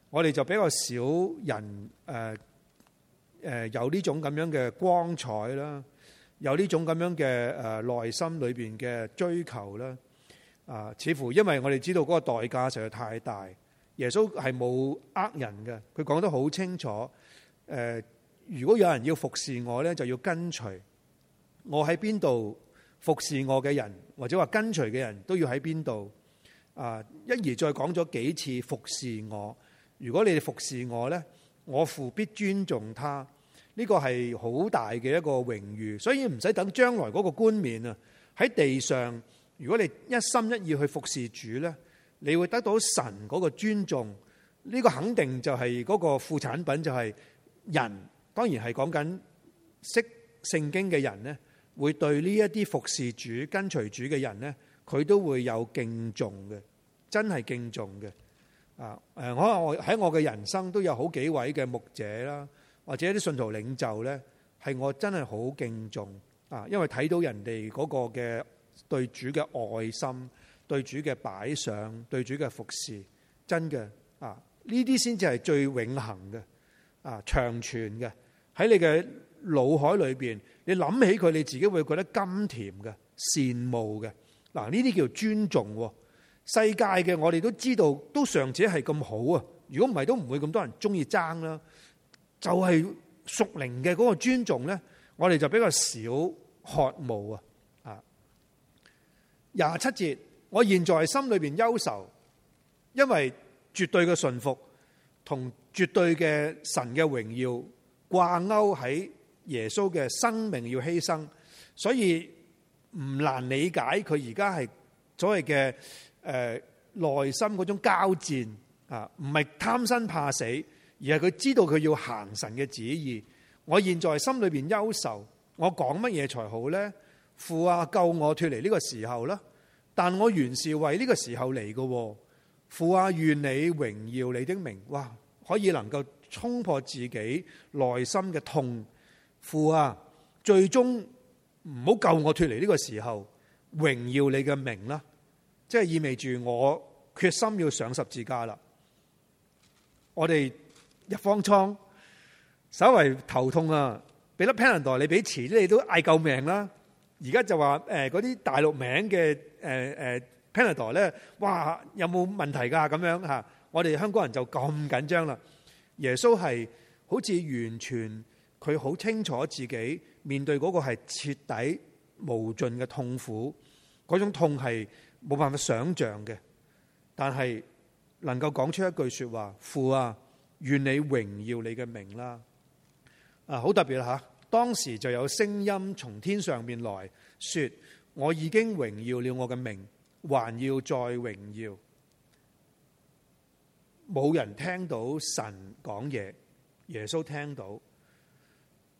我哋就比較少人誒誒有呢種咁樣嘅光彩啦，有呢種咁樣嘅誒內心裏邊嘅追求啦。啊，似乎因為我哋知道嗰個代價實在太大。耶穌係冇呃人嘅，佢講得好清楚誒。如果有人要服侍我咧，就要跟隨我喺邊度服侍我嘅人，或者話跟隨嘅人都要喺邊度啊！一而再講咗幾次服侍我，如果你哋服侍我咧，我父必尊重他。呢個係好大嘅一個榮譽，所以唔使等將來嗰個冠冕啊！喺地上，如果你一心一意去服侍主咧，你會得到神嗰個尊重。呢個肯定就係嗰個副產品，就係人。當然係講緊識聖經嘅人呢，會對呢一啲服侍主、跟隨主嘅人呢，佢都會有敬重嘅，真係敬重嘅。啊，誒，我喺我嘅人生都有好幾位嘅牧者啦，或者啲信徒領袖呢，係我真係好敬重啊，因為睇到人哋嗰個嘅對主嘅愛心、對主嘅擺上、對主嘅服侍，真嘅啊，呢啲先至係最永恒嘅啊，長存嘅。喺你嘅腦海裏邊，你諗起佢，你自己會覺得甘甜嘅、羨慕嘅。嗱，呢啲叫尊重。世界嘅我哋都知道，都尚且係咁好啊。如果唔係，都唔會咁多人中意爭啦。就係、是、屬靈嘅嗰個尊重呢，我哋就比較少渴慕啊。啊，廿七節，我現在心裏邊憂愁，因為絕對嘅信服同絕對嘅神嘅榮耀。掛鈎喺耶穌嘅生命要犧牲，所以唔難理解佢而家係所謂嘅誒、呃、內心嗰種交戰啊，唔係貪生怕死，而係佢知道佢要行神嘅旨意。我現在心裏面憂愁，我講乜嘢才好呢？父啊，救我脫離呢個時候啦！但我原是為呢個時候嚟嘅，父啊，願你榮耀你的名。哇，可以能夠。衝破自己內心嘅痛苦啊！最終唔好救我脫離呢個時候，榮耀你嘅名啦！即係意味住我決心要上十字架啦！我哋入方艙，稍為頭痛啊！俾粒 Panadol 你，俾錢你都嗌救命啦、啊！而家就話誒嗰啲大陸名嘅誒誒 Panadol 咧，哇有冇問題噶、啊？咁樣吓，我哋香港人就咁緊張啦！耶穌係好似完全佢好清楚自己面對嗰個係徹底無盡嘅痛苦，嗰種痛係冇辦法想象嘅。但係能夠講出一句說話：父啊，願你榮耀你嘅名啦。啊，好特別吓，當時就有聲音從天上面來說：我已經榮耀了我嘅名，還要再榮耀。冇人聽到神講嘢，耶穌聽到。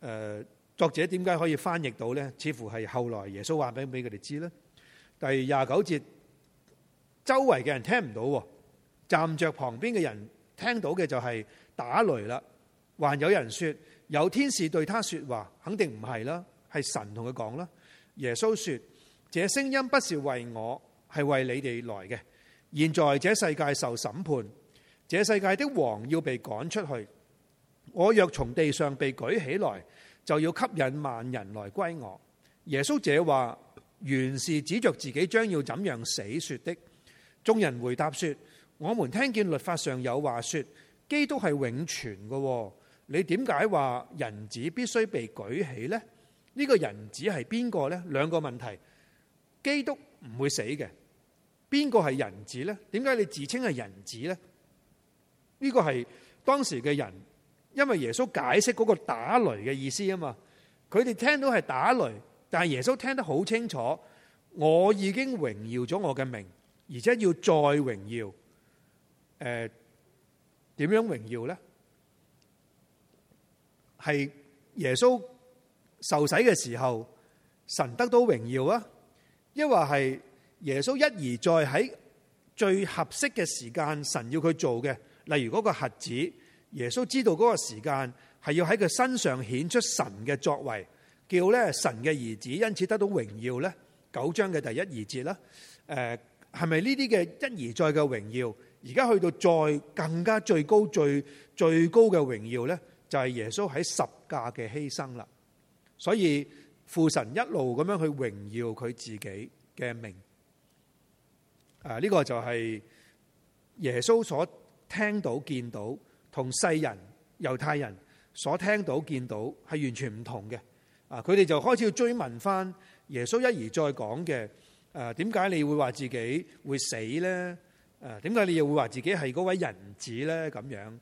誒，作者點解可以翻譯到呢？似乎係後來耶穌話俾俾佢哋知咧。第廿九節，周圍嘅人聽唔到，站着旁邊嘅人聽到嘅就係打雷啦。還有人說有天使對他說話，肯定唔係啦，係神同佢講啦。耶穌說，這聲音不是為我，係為你哋來嘅。現在這世界受審判。這世界的王要被趕出去，我若從地上被舉起來，就要吸引萬人來歸我。耶穌這話原是指着自己將要怎樣死說的。眾人回答說：我們聽見律法上有話說，基督係永存嘅。你點解話人子必須被舉起呢？呢個人子係邊個呢？兩個問題。基督唔會死嘅，邊個係人子呢？點解你自稱係人子呢？呢個係當時嘅人，因為耶穌解釋嗰個打雷嘅意思啊嘛，佢哋聽到係打雷，但係耶穌聽得好清楚，我已經榮耀咗我嘅名，而且要再榮耀。誒、呃，點樣榮耀咧？係耶穌受洗嘅時候，神得到榮耀啊？抑或係耶穌一而再喺最合適嘅時間，神要佢做嘅？例如嗰個瞎子，耶穌知道嗰個時間係要喺佢身上顯出神嘅作為，叫咧神嘅兒子因此得到榮耀咧。九章嘅第一二節啦，誒係咪呢啲嘅一而再嘅榮耀？而家去到再更加最高最最高嘅榮耀咧，就係、是、耶穌喺十架嘅犧牲啦。所以父神一路咁樣去榮耀佢自己嘅名。啊，呢個就係耶穌所。聽到見到同世人猶太人所聽到見到係完全唔同嘅，啊！佢哋就開始要追問返耶穌一而再講嘅，誒點解你會話自己會死呢？誒點解你又會話自己係嗰位人子呢？這」咁樣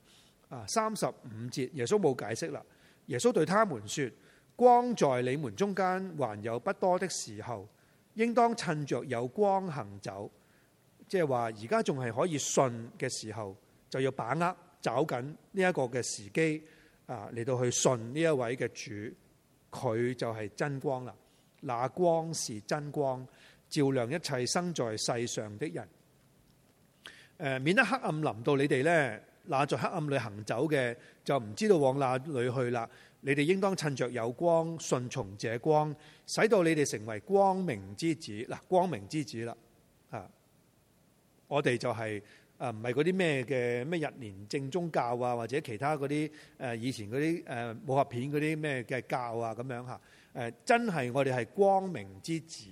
啊，三十五節耶穌冇解釋啦。耶穌對他們説：光在你們中間還有不多的時候，應當趁着有光行走。即係話而家仲係可以信嘅時候。就要把握，找緊呢一個嘅時機啊，嚟到去信呢一位嘅主，佢就係真光啦。那光是真光，照亮一切生在世上的人。誒、呃，免得黑暗臨到你哋呢，那在黑暗裏行走嘅就唔知道往哪裏去啦。你哋應當趁着有光，順從這光，使到你哋成為光明之子。嗱，光明之子啦，啊，我哋就係、是。啊，唔係嗰啲咩嘅咩日蓮正宗教啊，或者其他嗰啲誒以前嗰啲誒武俠片嗰啲咩嘅教啊，咁樣吓，誒、呃，真係我哋係光明之子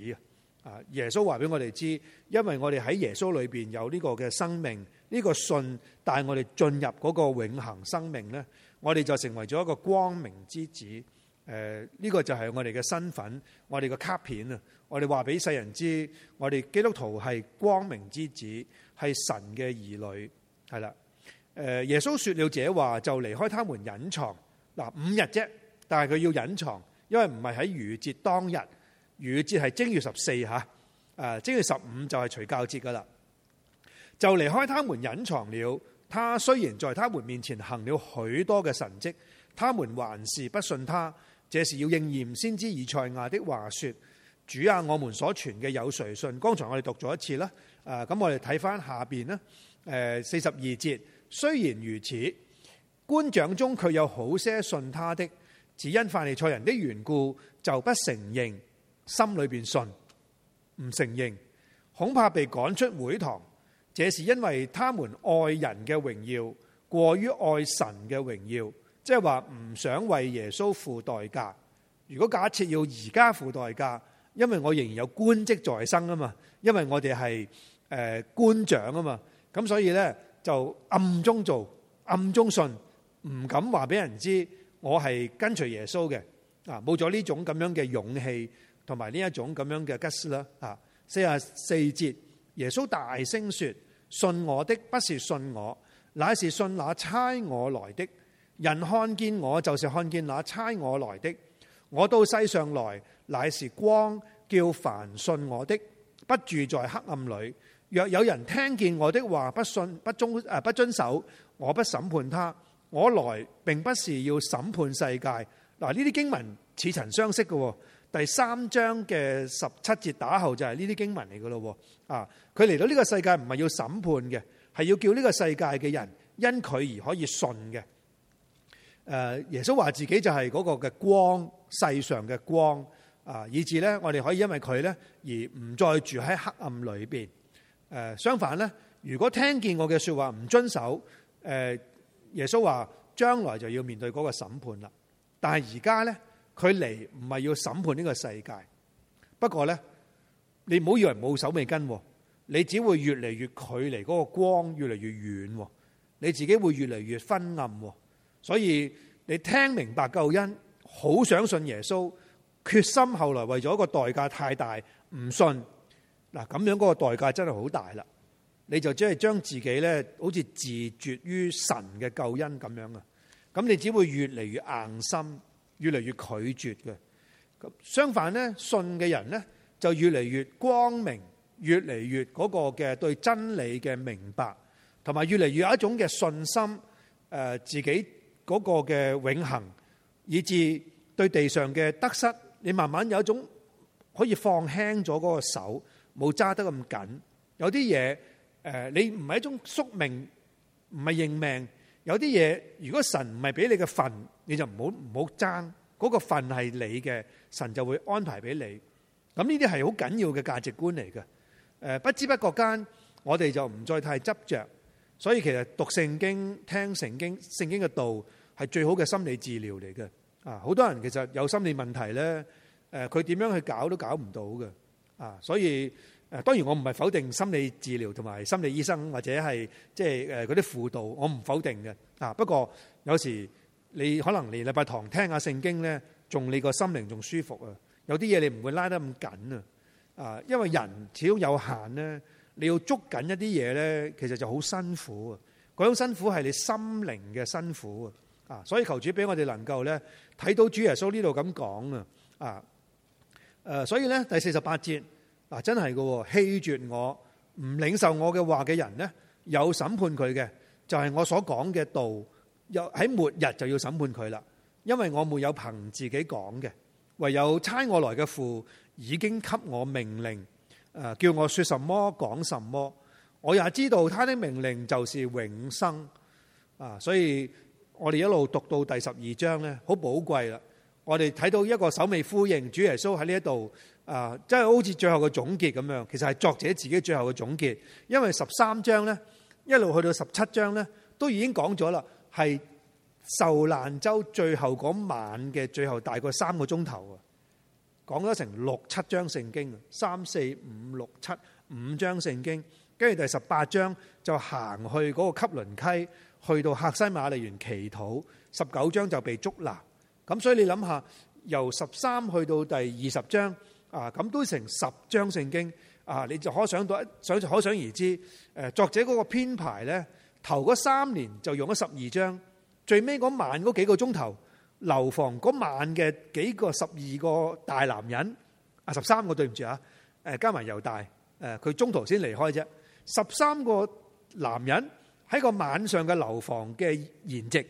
啊！耶穌話俾我哋知，因為我哋喺耶穌裏邊有呢個嘅生命，呢、這個信帶我哋進入嗰個永恆生命咧，我哋就成為咗一個光明之子。誒、呃，呢、這個就係我哋嘅身份，我哋嘅卡片啊！我哋話俾世人知，我哋基督徒係光明之子。係神嘅兒女，係啦。誒，耶穌說了這話就離開他們隱藏。嗱，五日啫，但係佢要隱藏，因為唔係喺逾節當日。逾節係正月十四吓，誒，正月十五就係除酵節噶啦。就離開他們隱藏了。他雖然在他們面前行了許多嘅神蹟，他們還是不信他。這是要應驗先知以賽亞的話說：主啊，我們所傳嘅有誰信？剛才我哋讀咗一次啦。啊，咁我哋睇翻下邊咧，誒，四十二節，雖然如此，官長中佢有好些信他的，只因法利賽人的緣故，就不承認，心裏邊信，唔承認，恐怕被趕出會堂。這是因為他們愛人嘅榮耀過於愛神嘅榮耀，即係話唔想為耶穌付代價。如果假設要而家付代價，因為我仍然有官職在身啊嘛，因為我哋係。誒、呃、官長啊嘛，咁所以呢，就暗中做，暗中信，唔敢話俾人知，我係跟隨耶穌嘅，啊，冇咗呢種咁樣嘅勇氣同埋呢一種咁樣嘅吉斯啦，啊，四十四節，耶穌大聲說：「信我的不是信我，乃是信那差我來的。人看見我就是看見那差我來的，我到世上來乃是光，叫凡信我的不住在黑暗裏。若有人聽見我的話不信不遵，誒、不遵守，我不審判他。我來並不是要審判世界。嗱，呢啲經文似曾相識嘅。第三章嘅十七節打後就係呢啲經文嚟嘅咯。啊，佢嚟到呢個世界唔係要審判嘅，係要叫呢個世界嘅人因佢而可以信嘅。誒、啊，耶穌話自己就係嗰個嘅光，世上嘅光啊，以至咧我哋可以因為佢咧而唔再住喺黑暗裏邊。誒，相反咧，如果聽見我嘅說話唔遵守，誒，耶穌話將來就要面對嗰個審判啦。但係而家咧，佢嚟唔係要審判呢個世界。不過咧，你唔好以為冇手尾根，你只會越嚟越距離嗰個光，越嚟越遠，你自己會越嚟越昏暗。所以你聽明白救恩，好想信耶穌，決心後來為咗個代價太大唔信。嗱咁樣嗰個代價真係好大啦！你就只係將自己咧，好似自絕於神嘅救恩咁樣啊。咁你只會越嚟越硬心，越嚟越拒絕嘅。咁相反咧，信嘅人咧就越嚟越光明，越嚟越嗰個嘅對真理嘅明白，同埋越嚟越有一種嘅信心。誒，自己嗰個嘅永恆，以至對地上嘅得失，你慢慢有一種可以放輕咗嗰個手。冇揸得咁緊，有啲嘢，誒，你唔係一種宿命，唔係認命。有啲嘢，如果神唔係俾你嘅份，你就唔好唔好爭。嗰個份係你嘅，神就會安排俾你。咁呢啲係好緊要嘅價值觀嚟嘅。誒，不知不覺間，我哋就唔再太執着。所以其實讀聖經、聽聖經、聖經嘅道，係最好嘅心理治療嚟嘅。啊，好多人其實有心理問題咧，誒，佢點樣去搞都搞唔到嘅。啊，所以誒當然我唔係否定心理治療同埋心理醫生，或者係即係誒嗰啲輔導，我唔否定嘅。啊，不過有時你可能嚟禮拜堂聽下聖經呢，仲你個心靈仲舒服啊。有啲嘢你唔會拉得咁緊啊。啊，因為人始終有限呢。你要捉緊一啲嘢呢，其實就好辛苦啊。嗰種辛苦係你心靈嘅辛苦啊。所以求主俾我哋能夠呢，睇到主耶穌呢度咁講啊。啊。誒，所以咧第四十八節嗱，真係嘅喎，棄絕我、唔領受我嘅話嘅人呢，有審判佢嘅，就係、是、我所講嘅道，喺末日就要審判佢啦，因為我沒有憑自己講嘅，唯有差我來嘅父已經給我命令，叫我說什麼講什麼，我也知道他的命令就是永生，啊，所以我哋一路讀到第十二章呢，好寶貴啦。我哋睇到一個首尾呼應，主耶穌喺呢一度啊，真係好似最後嘅總結咁樣。其實係作者自己最後嘅總結，因為十三章呢，一路去到十七章呢，都已經講咗啦，係受難週最後嗰晚嘅最後大概三個鐘頭啊，講咗成六七章聖經啊，三四五六七五章聖經，跟住第十八章就行去嗰個汲淪溪，去到客西馬尼園祈禱，十九章就被捉拿。咁所以你諗下，由十三去到第二十章啊，咁都成十章聖經啊，你就可想到，想可想而知，誒作者嗰個編排咧，頭嗰三年就用咗十二章，最尾嗰晚嗰幾個鐘頭，樓房嗰晚嘅幾個十二個大男人，啊十三個對唔住啊，誒加埋猶大，誒佢中途先離開啫，十三個男人喺個晚上嘅樓房嘅筵席，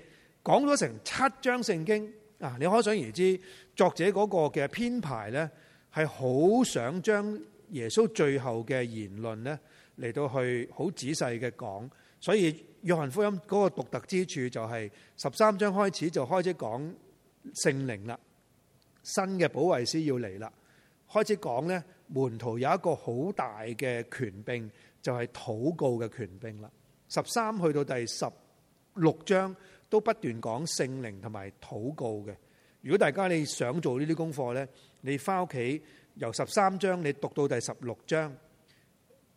講咗成七章聖經。啊！你可想而知，作者嗰個嘅編排呢，係好想將耶穌最後嘅言論呢，嚟到去好仔細嘅講。所以《約翰福音》嗰個獨特之處就係十三章開始就開始講聖靈啦，新嘅保惠師要嚟啦，開始講呢，門徒有一個好大嘅權柄，就係、是、禱告嘅權柄啦。十三去到第十六章。都不斷講聖靈同埋禱告嘅。如果大家你想做呢啲功課呢，你翻屋企由十三章你讀到第十六章，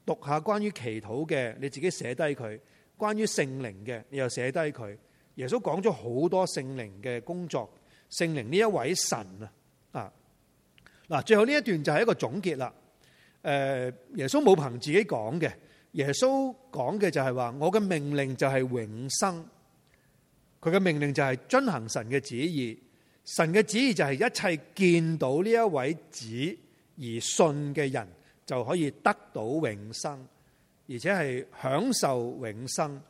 讀下關於祈禱嘅，你自己寫低佢；關於聖靈嘅，你又寫低佢。耶穌講咗好多聖靈嘅工作，聖靈呢一位神啊，啊，嗱，最後呢一段就係一個總結啦。誒，耶穌冇憑自己講嘅，耶穌講嘅就係話，我嘅命令就係永生。佢嘅命令就係遵行神嘅旨意，神嘅旨意就係一切見到呢一位子而信嘅人就可以得到永生，而且係享受永生。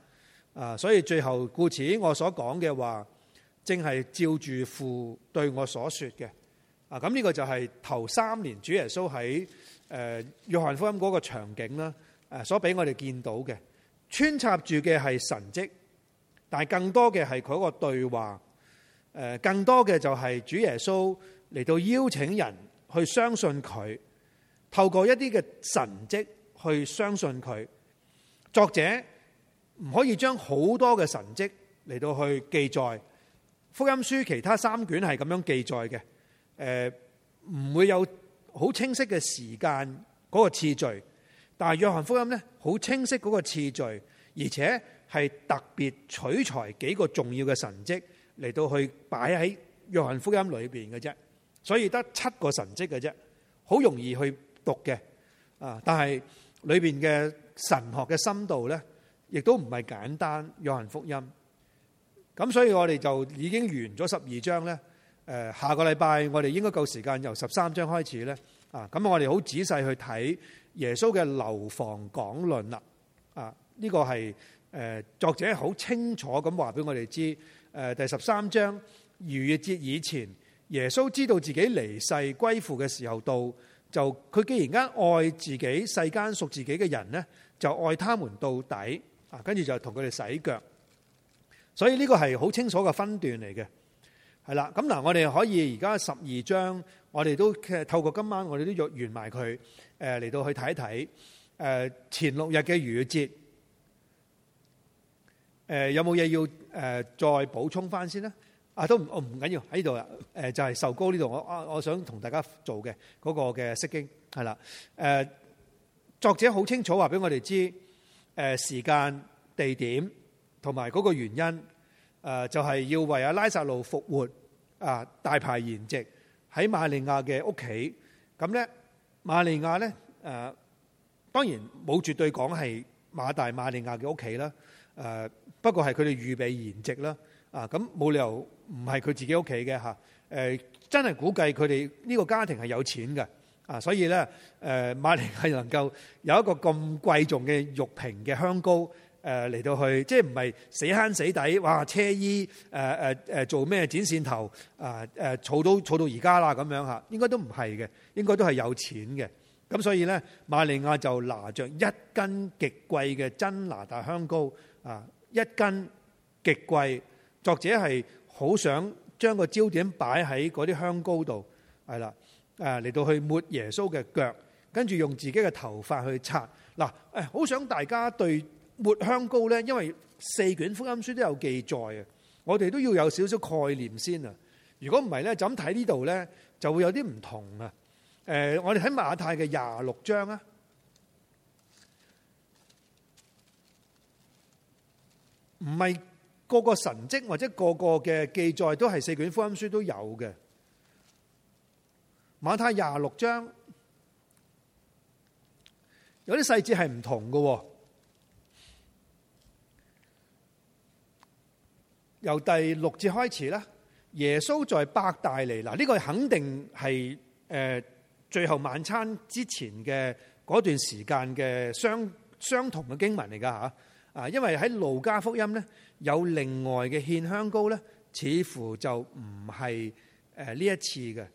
啊，所以最後故此我所講嘅話，正係照住父對我所說嘅。啊，咁呢個就係頭三年主耶穌喺誒約翰福音嗰個場景啦，誒所俾我哋見到嘅穿插住嘅係神蹟。但係更多嘅係佢嗰個對話，誒更多嘅就係主耶穌嚟到邀請人去相信佢，透過一啲嘅神蹟去相信佢。作者唔可以將好多嘅神蹟嚟到去記載。福音書其他三卷係咁樣記載嘅，誒、呃、唔會有好清晰嘅時間嗰、嗰個次序。但係約翰福音咧，好清晰嗰個次序，而且，係特別取材幾個重要嘅神蹟嚟到去擺喺約翰福音裏邊嘅啫，所以得七個神蹟嘅啫，好容易去讀嘅，啊！但係裏邊嘅神學嘅深度咧，亦都唔係簡單約翰福音。咁所以我哋就已經完咗十二章咧，誒，下個禮拜我哋應該夠時間由十三章開始咧，啊！咁我哋好仔細去睇耶穌嘅樓房講論啦，啊！呢個係。誒作者好清楚咁話俾我哋知，誒第十三章逾越節以前，耶穌知道自己離世歸父嘅時候到，就佢既然間愛自己世間屬自己嘅人呢，就愛他們到底啊，跟住就同佢哋洗腳。所以呢個係好清楚嘅分段嚟嘅，係啦。咁嗱，我哋可以而家十二章，我哋都透過今晚我哋都約完埋佢，誒嚟到去睇一睇，誒前六日嘅逾越節。誒有冇嘢要誒再補充翻先咧？啊都唔唔緊要喺度啊！誒就係受膏呢度，我啊我想同大家做嘅嗰個嘅釋經係啦。誒作者好清楚話俾我哋知，誒時間、地點同埋嗰個原因。誒就係要為阿拉撒路復活啊，大排筵席喺馬利亞嘅屋企。咁咧，馬利亞咧誒，當然冇絕對講係。馬大馬利亞嘅屋企啦，誒不過係佢哋預備筵席啦，啊咁冇理由唔係佢自己屋企嘅嚇，誒真係估計佢哋呢個家庭係有錢嘅，啊所以咧誒馬利亞係能夠有一個咁貴重嘅玉瓶嘅香膏誒嚟到去，即係唔係死慳死抵哇車衣誒誒誒做咩剪線頭啊，誒儲到儲到而家啦咁樣嚇，應該都唔係嘅，應該都係有錢嘅。咁所以咧，馬利亞就拿着一斤極貴嘅真哪噠香膏，啊，一斤極貴，作者係好想將個焦點擺喺嗰啲香膏度，係啦，啊嚟到去抹耶穌嘅腳，跟住用自己嘅頭髮去擦。嗱，誒，好想大家對抹香膏咧，因為四卷福音書都有記載嘅，我哋都要有少少概念先啊。如果唔係咧，就咁睇呢度咧，就會有啲唔同啊。誒，我哋喺馬太嘅廿六章啊，唔係個個神蹟或者個個嘅記載都係四卷福音書都有嘅。馬太廿六章有啲細節係唔同嘅，由第六節開始啦。耶穌在伯大尼嗱，呢、呢個肯定係誒。呃最後晚餐之前嘅嗰段時間嘅相相同嘅經文嚟㗎嚇啊，因為喺路加福音呢，有另外嘅獻香膏呢，似乎就唔係誒呢一次嘅。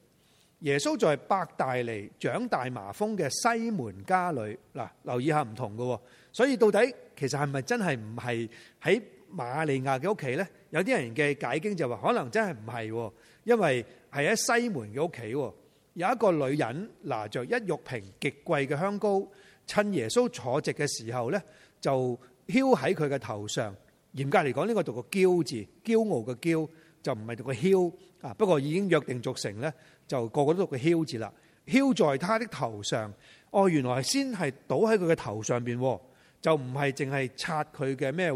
耶穌在伯大尼長大麻風嘅西門家裏嗱，留意下唔同嘅喎，所以到底其實係咪真係唔係喺瑪利亞嘅屋企呢？有啲人嘅解經就話可能真係唔係，因為係喺西門嘅屋企。有一個女人拿着一玉瓶極貴嘅香膏，趁耶穌坐席嘅時候呢，就囂喺佢嘅頭上。嚴格嚟講，呢、這個讀個驕字，驕傲嘅驕，就唔係讀個囂啊。不過已經約定俗成呢，就個個都讀個囂字啦。囂在他的頭上，哦，原來先係倒喺佢嘅頭上邊，就唔係淨係擦佢嘅咩。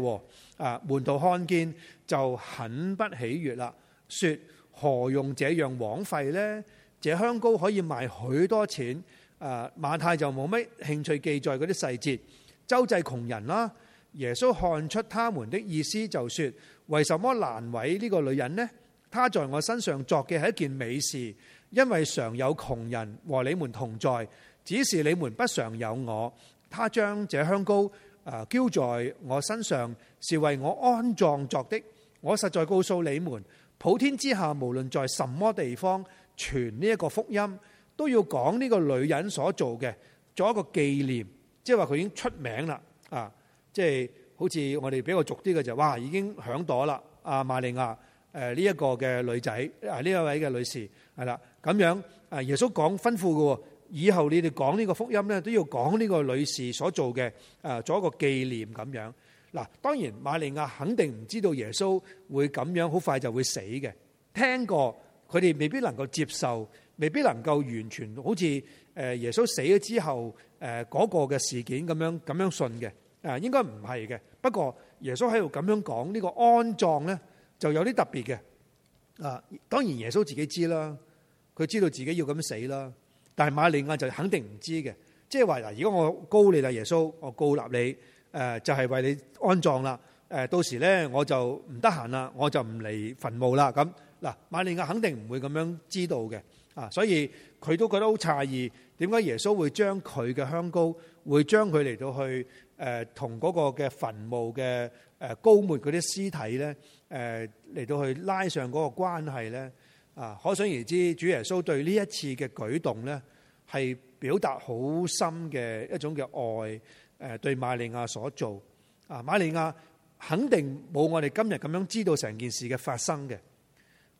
啊，門徒看見就很不喜悅啦，說：「何用這樣枉費呢？」這香膏可以賣許多錢。誒，馬太就冇咩興趣記載嗰啲細節。周濟窮人啦，啊，耶穌看出他們的意思，就說：為什麼難為呢個女人呢？她在我身上作嘅係一件美事，因為常有窮人和你們同在，只是你們不常有我。她將這香膏誒，澆在我身上，是為我安葬作的。我實在告訴你們，普天之下無論在什麼地方。傳呢一個福音都要講呢個女人所做嘅，做一個紀念，即係話佢已經出名啦啊！即係好似我哋比較俗啲嘅就，哇，已經響朵啦！阿、啊、瑪利亞，誒、呃、呢一個嘅女仔，啊，呢一位嘅女士係啦，咁樣，誒、啊、耶穌講吩咐嘅，以後你哋講呢個福音咧，都要講呢個女士所做嘅，誒、啊、做一個紀念咁樣。嗱、啊，當然瑪利亞肯定唔知道耶穌會咁樣好快就會死嘅，聽過。佢哋未必能夠接受，未必能夠完全好似誒耶穌死咗之後誒嗰、那個嘅事件咁樣咁樣信嘅，誒應該唔係嘅。不過耶穌喺度咁樣講呢、這個安葬呢就有啲特別嘅。啊，當然耶穌自己知啦，佢知道自己要咁死啦。但係馬利亞就肯定唔知嘅，即係話嗱，如果我告你啦，耶穌，我告納你誒，就係、是、為你安葬啦。誒，到時呢，我就唔得閒啦，我就唔嚟墳墓啦咁。嗱，馬利亞肯定唔會咁樣知道嘅，啊，所以佢都覺得好詫異，點解耶穌會將佢嘅香膏，會將佢嚟到去，誒，同嗰個嘅墳墓嘅誒膏抹嗰啲屍體咧，誒，嚟到去拉上嗰個關係咧，啊，可想而知，主耶穌對呢一次嘅舉動咧，係表達好深嘅一種嘅愛，誒，對馬利亞所做，啊，馬利亞肯定冇我哋今日咁樣知道成件事嘅發生嘅。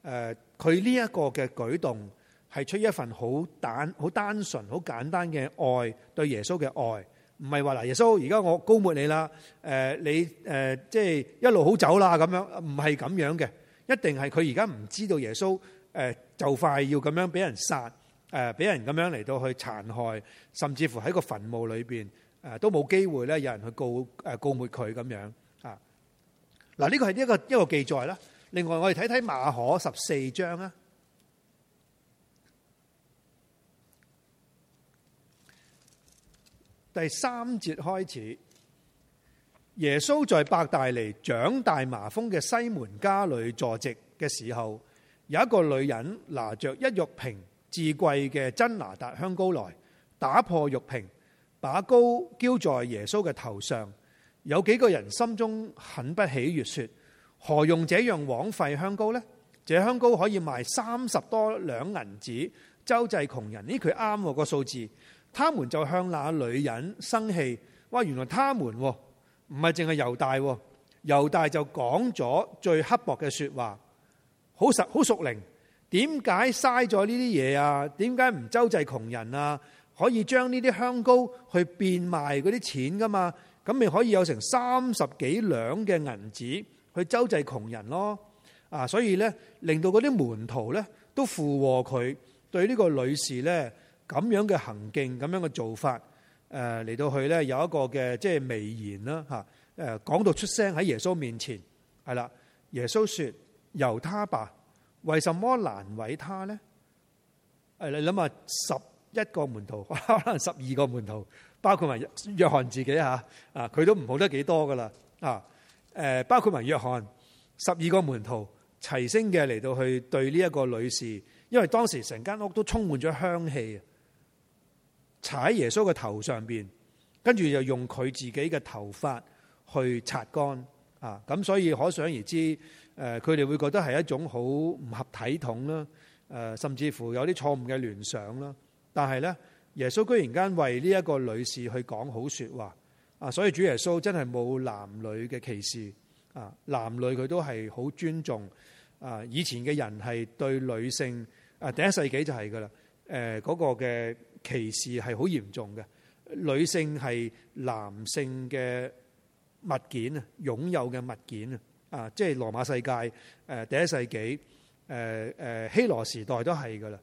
誒，佢呢一個嘅舉動係出於一份好單、好單純、好簡單嘅愛，對耶穌嘅愛，唔係話嗱耶穌，而家我告沒你啦，誒、呃，你誒、呃，即係一路好走啦咁樣，唔係咁樣嘅，一定係佢而家唔知道耶穌，誒、呃，就快要咁樣俾人殺，誒、呃，俾人咁樣嚟到去殘害，甚至乎喺個墳墓裏邊，誒、呃，都冇機會咧，有人去告，誒、呃，告沒佢咁樣啊，嗱，呢個係一個一個記載啦。另外，我哋睇睇馬可十四章啊，第三節開始。耶穌在伯大尼長大麻風嘅西門家裏坐席嘅時候，有一個女人拿着一玉瓶至貴嘅真拿達香膏來，打破玉瓶，把膏澆在耶穌嘅頭上。有幾個人心中很不喜悦，說。何用這樣枉費香膏呢？這香膏可以賣三十多兩銀子，周濟窮人。咦、哎，佢啱喎個數字。他們就向那女人生氣。哇！原來他們唔係淨係猶大、哦，猶大就講咗最刻薄嘅説話，好熟好熟靈。點解嘥咗呢啲嘢啊？點解唔周濟窮人啊？可以將呢啲香膏去變賣嗰啲錢噶嘛？咁咪可以有成三十幾兩嘅銀紙。去周濟窮人咯，啊，所以咧，令到嗰啲門徒咧都附和佢對呢個女士咧，咁樣嘅行徑、咁樣嘅做法，誒嚟到佢咧有一個嘅即係微言啦吓，誒講到出聲喺耶穌面前係啦，耶穌說由他吧，為什麼難為他咧？誒，你諗下十一個門徒可能十二個門徒，包括埋約翰自己吓，啊，佢都唔好得幾多噶啦啊。誒包括埋約翰十二個門徒齊聲嘅嚟到去對呢一個女士，因為當時成間屋都充滿咗香氣，踩喺耶穌嘅頭上邊，跟住又用佢自己嘅頭髮去擦乾啊！咁所以可想而知，誒佢哋會覺得係一種好唔合體統啦，誒甚至乎有啲錯誤嘅聯想啦。但係咧，耶穌居然間為呢一個女士去講好説話。啊，所以主耶穌真係冇男女嘅歧視啊，男女佢都係好尊重啊。以前嘅人係對女性啊，第一世紀就係噶啦，誒、那、嗰個嘅歧視係好嚴重嘅，女性係男性嘅物件啊，擁有嘅物件啊，啊，即係羅馬世界誒第一世紀誒誒希羅時代都係噶啦，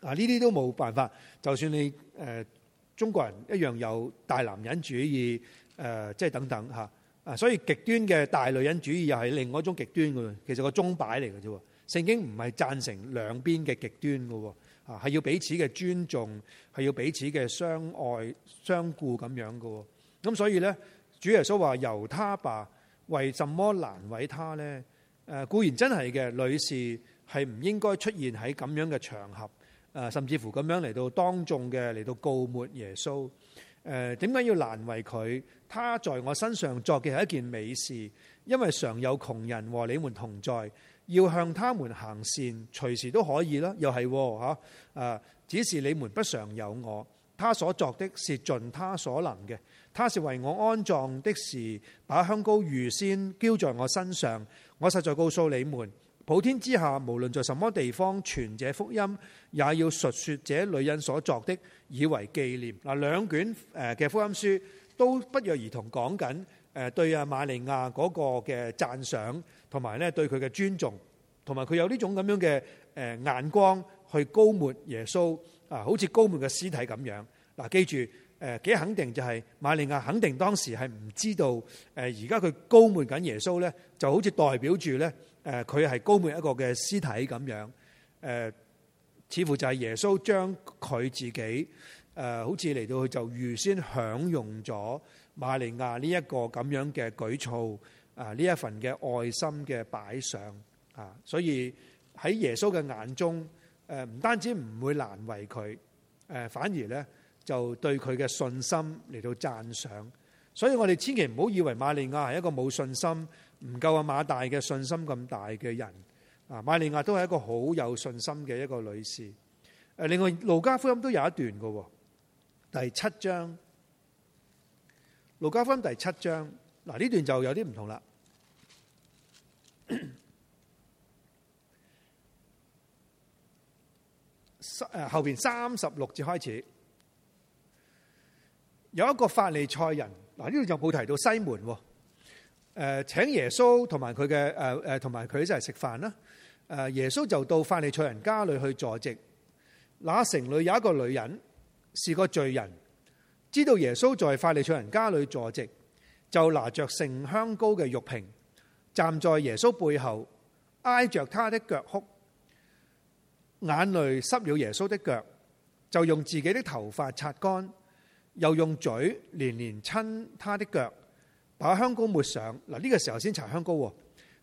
啊呢啲都冇辦法，就算你誒。中國人一樣有大男人主義，誒、呃，即係等等嚇，啊，所以極端嘅大女人主義又係另外一種極端嘅喎。其實個鐘擺嚟嘅啫，聖經唔係贊成兩邊嘅極端嘅喎，啊，係要彼此嘅尊重，係要彼此嘅相愛相顧咁樣嘅。咁所以咧，主耶穌話：由他吧，為什麼難為他咧？誒、呃，固然真係嘅，女士係唔應該出現喺咁樣嘅場合。誒，甚至乎咁樣嚟到當眾嘅嚟到告沒耶穌。誒、呃，點解要難為佢？他在我身上作嘅係一件美事，因為常有窮人和你們同在，要向他們行善，隨時都可以啦。又係嚇、哦，只、呃、是你們不常有我。他所作的是盡他所能嘅，他是為我安葬的事，把香膏預先澆在我身上。我實在告訴你們。普天之下，無論在什麼地方傳這福音，也要述説這女人所作的，以為紀念。嗱，兩卷誒嘅福音書都不約而同講緊誒對啊瑪利亞嗰個嘅讚賞，同埋咧對佢嘅尊重，同埋佢有呢種咁樣嘅誒眼光去膏抹耶穌啊，好似膏抹嘅屍體咁樣。嗱，記住誒幾肯定就係瑪利亞肯定當時係唔知道誒而家佢膏抹緊耶穌咧，就好似代表住咧。誒佢係膏抹一個嘅屍體咁樣，誒似乎就係耶穌將佢自己誒好似嚟到佢就預先享用咗馬利亞呢一個咁樣嘅舉措啊，呢一份嘅愛心嘅擺上啊，所以喺耶穌嘅眼中誒唔單止唔會難為佢誒，反而咧就對佢嘅信心嚟到讚賞，所以我哋千祈唔好以為馬利亞係一個冇信心。唔夠阿馬大嘅信心咁大嘅人，啊，馬利亞都係一個好有信心嘅一個女士。誒，另外路加福音都有一段喎。第七章。路加福音第七章，嗱呢段就有啲唔同啦。誒後邊三十六節開始，有一個法利賽人，嗱呢度就冇提到西門，誒，請耶穌同埋佢嘅誒誒，同埋佢一齊食飯啦。耶穌就到法利賽人家裏去坐席。那城裏有一個女人是個罪人，知道耶穌在法利賽人家裏坐席，就拿着盛香膏嘅玉瓶，站在耶穌背後挨着他的腳哭，眼淚濕了耶穌的腳，就用自己的頭髮擦乾，又用嘴連連親他的腳。把香膏抹上，嗱、這、呢個時候先擦香膏。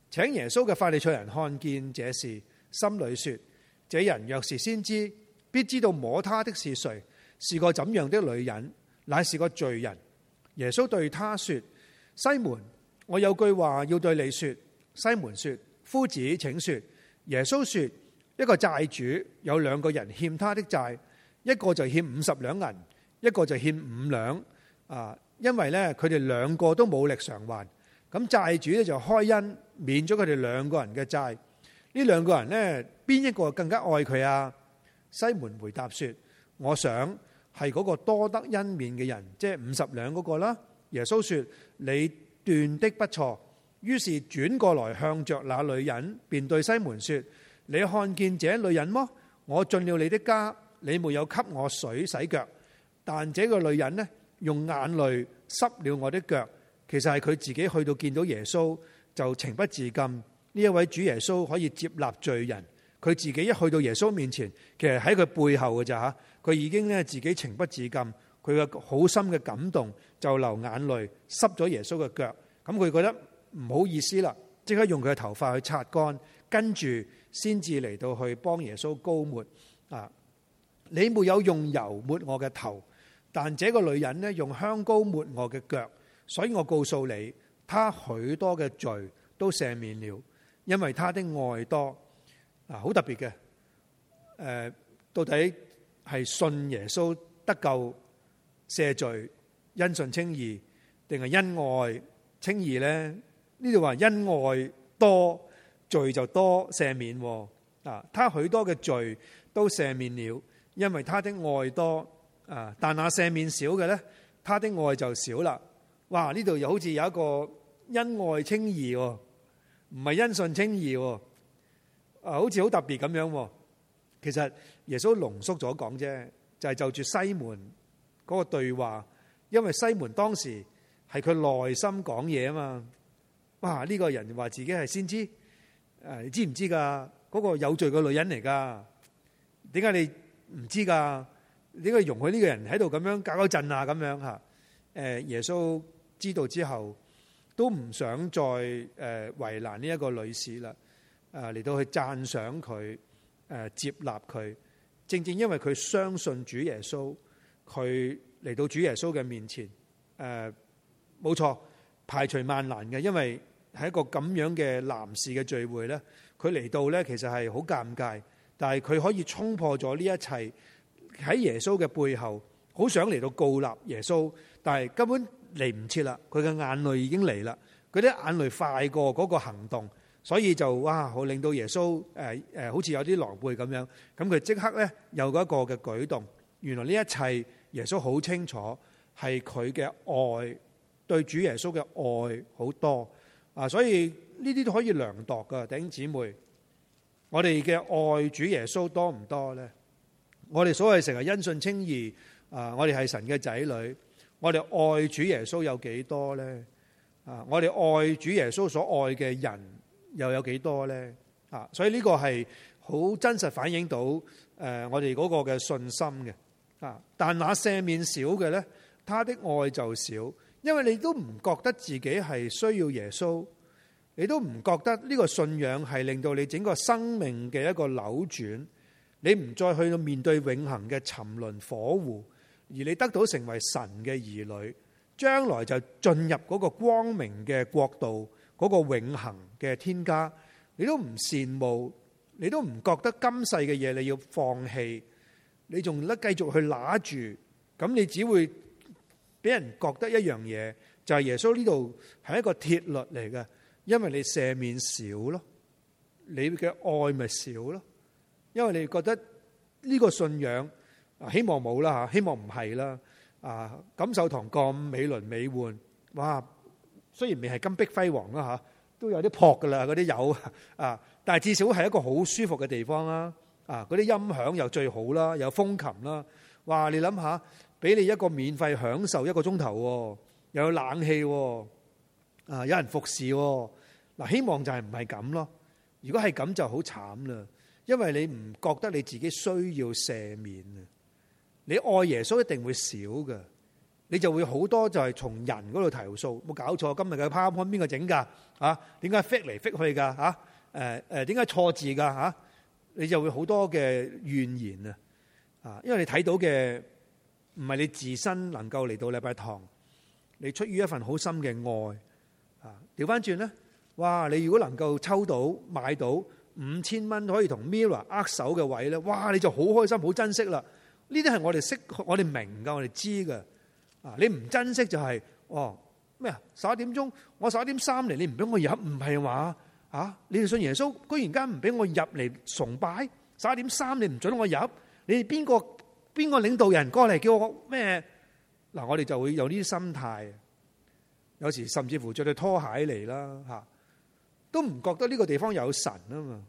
請耶穌嘅法利賽人看見這事，心裏說：這人若是先知，必知道摸他的是誰，是個怎樣的女人，乃是個罪人。耶穌對他說：西門，我有句話要對你說。西門說：夫子，請說。耶穌說：一個債主有兩個人欠他的債，一個就欠五十兩銀，一個就欠五兩。啊、呃！因為咧，佢哋兩個都冇力償還，咁債主咧就開恩免咗佢哋兩個人嘅債。呢兩個人咧，邊一個更加愛佢啊？西門回答說：我想係嗰個多得恩免嘅人，即係五十兩嗰個啦。耶穌說：你斷的不錯。於是轉過來向着那女人，便對西門說：你看見這女人麼？我進了你的家，你沒有給我水洗腳，但這個女人呢？用眼淚濕了我的腳，其實係佢自己去到見到耶穌就情不自禁。呢一位主耶穌可以接納罪人，佢自己一去到耶穌面前，其實喺佢背後嘅咋嚇？佢已經咧自己情不自禁，佢嘅好深嘅感動就流眼淚濕咗耶穌嘅腳。咁佢覺得唔好意思啦，即刻用佢嘅頭髮去擦乾，跟住先至嚟到去幫耶穌膏抹啊！你沒有用油抹我嘅頭。但這個女人呢，用香膏抹我嘅腳，所以我告訴你，她許多嘅罪都赦免了，因為她的愛多啊，好特別嘅。誒，到底係信耶穌得救赦罪，因信稱義，定係因愛稱義呢，呢度話因愛多罪就多赦免，啊，他許多嘅罪都赦免了，因為他的愛多。很特啊！但那赦免少嘅咧，他的愛就少啦。哇！呢度又好似有一個恩愛稱義喎，唔係因信稱義喎。啊，好似好特別咁樣。其實耶穌濃縮咗講啫，就係、是、就住西門嗰個對話，因為西門當時係佢內心講嘢啊嘛。哇！呢、這個人話自己係先知，誒，你知唔知噶？嗰個有罪嘅女人嚟噶，點解你唔知噶？呢個容許呢個人喺度咁樣搞搞震啊，咁樣吓。耶穌知道之後，都唔想再誒為難呢一個女士啦。誒，嚟到去讚賞佢，誒接納佢。正正因為佢相信主耶穌，佢嚟到主耶穌嘅面前，誒，冇錯，排除萬難嘅。因為喺一個咁樣嘅男士嘅聚會呢，佢嚟到呢其實係好尷尬。但係佢可以衝破咗呢一切。喺耶穌嘅背後，好想嚟到膏立耶穌，但係根本嚟唔切啦。佢嘅眼淚已經嚟啦，佢啲眼淚快過嗰個行動，所以就哇，好令到耶穌誒誒，好似有啲狼狽咁樣。咁佢即刻咧有嗰一個嘅舉動。原來呢一切耶穌好清楚，係佢嘅愛對主耶穌嘅愛好多啊。所以呢啲都可以量度噶，弟兄姊妹，我哋嘅愛主耶穌多唔多咧？我哋所謂成日因信稱義啊！我哋係神嘅仔女，我哋愛主耶穌有幾多呢？啊！我哋愛主耶穌所愛嘅人又有幾多呢？啊！所以呢個係好真實反映到誒我哋嗰個嘅信心嘅啊！但那赦免少嘅呢，他的愛就少，因為你都唔覺得自己係需要耶穌，你都唔覺得呢個信仰係令到你整個生命嘅一個扭轉。你唔再去到面對永恆嘅沉淪火湖，而你得到成為神嘅兒女，將來就進入嗰個光明嘅國度，嗰、那個永恆嘅天家，你都唔羨慕，你都唔覺得今世嘅嘢你要放棄，你仲咧繼續去拿住，咁你只會俾人覺得一樣嘢，就係、是、耶穌呢度係一個鐵律嚟嘅，因為你赦免少咯，你嘅愛咪少咯。因為你覺得呢個信仰啊，希望冇啦嚇，希望唔係啦啊！感受堂咁美輪美奐，哇！雖然未係金碧輝煌啦嚇，都有啲撲㗎啦嗰啲有，啊，但係至少係一個好舒服嘅地方啦啊！嗰啲音響又最好啦，又有風琴啦，哇！你諗下，俾你一個免費享受一個鐘頭喎，又有冷氣喎，啊，有人服侍喎，嗱、啊，希望就係唔係咁咯？如果係咁就好慘啦～因為你唔覺得你自己需要赦免啊，你愛耶穌一定會少嘅，你就會好多就係從人嗰度投訴。冇搞錯，今日嘅 powerpoint 邊個整噶？啊，點解 fit 嚟 fit 去噶？啊，誒、呃、誒，點、呃、解錯字噶？啊，你就會好多嘅怨言啊，啊，因為你睇到嘅唔係你自身能夠嚟到禮拜堂，你出於一份好深嘅愛啊。調翻轉咧，哇！你如果能夠抽到買到。五千蚊可以同 Mirror 握手嘅位咧，哇！你就好開心、好珍惜啦。呢啲係我哋識、我哋明噶，我哋知噶、就是哦。啊，你唔珍惜就係哦咩啊？十一點鐘，我十一點三嚟，你唔俾我入，唔係話嚇？你哋信耶穌，居然間唔俾我入嚟崇拜？十一點三你唔准我入，你哋邊個邊個領導人過嚟叫我咩？嗱、啊，我哋就會有呢啲心態。有時甚至乎着對拖鞋嚟啦嚇。啊都唔覺得呢個地方有神啊嘛，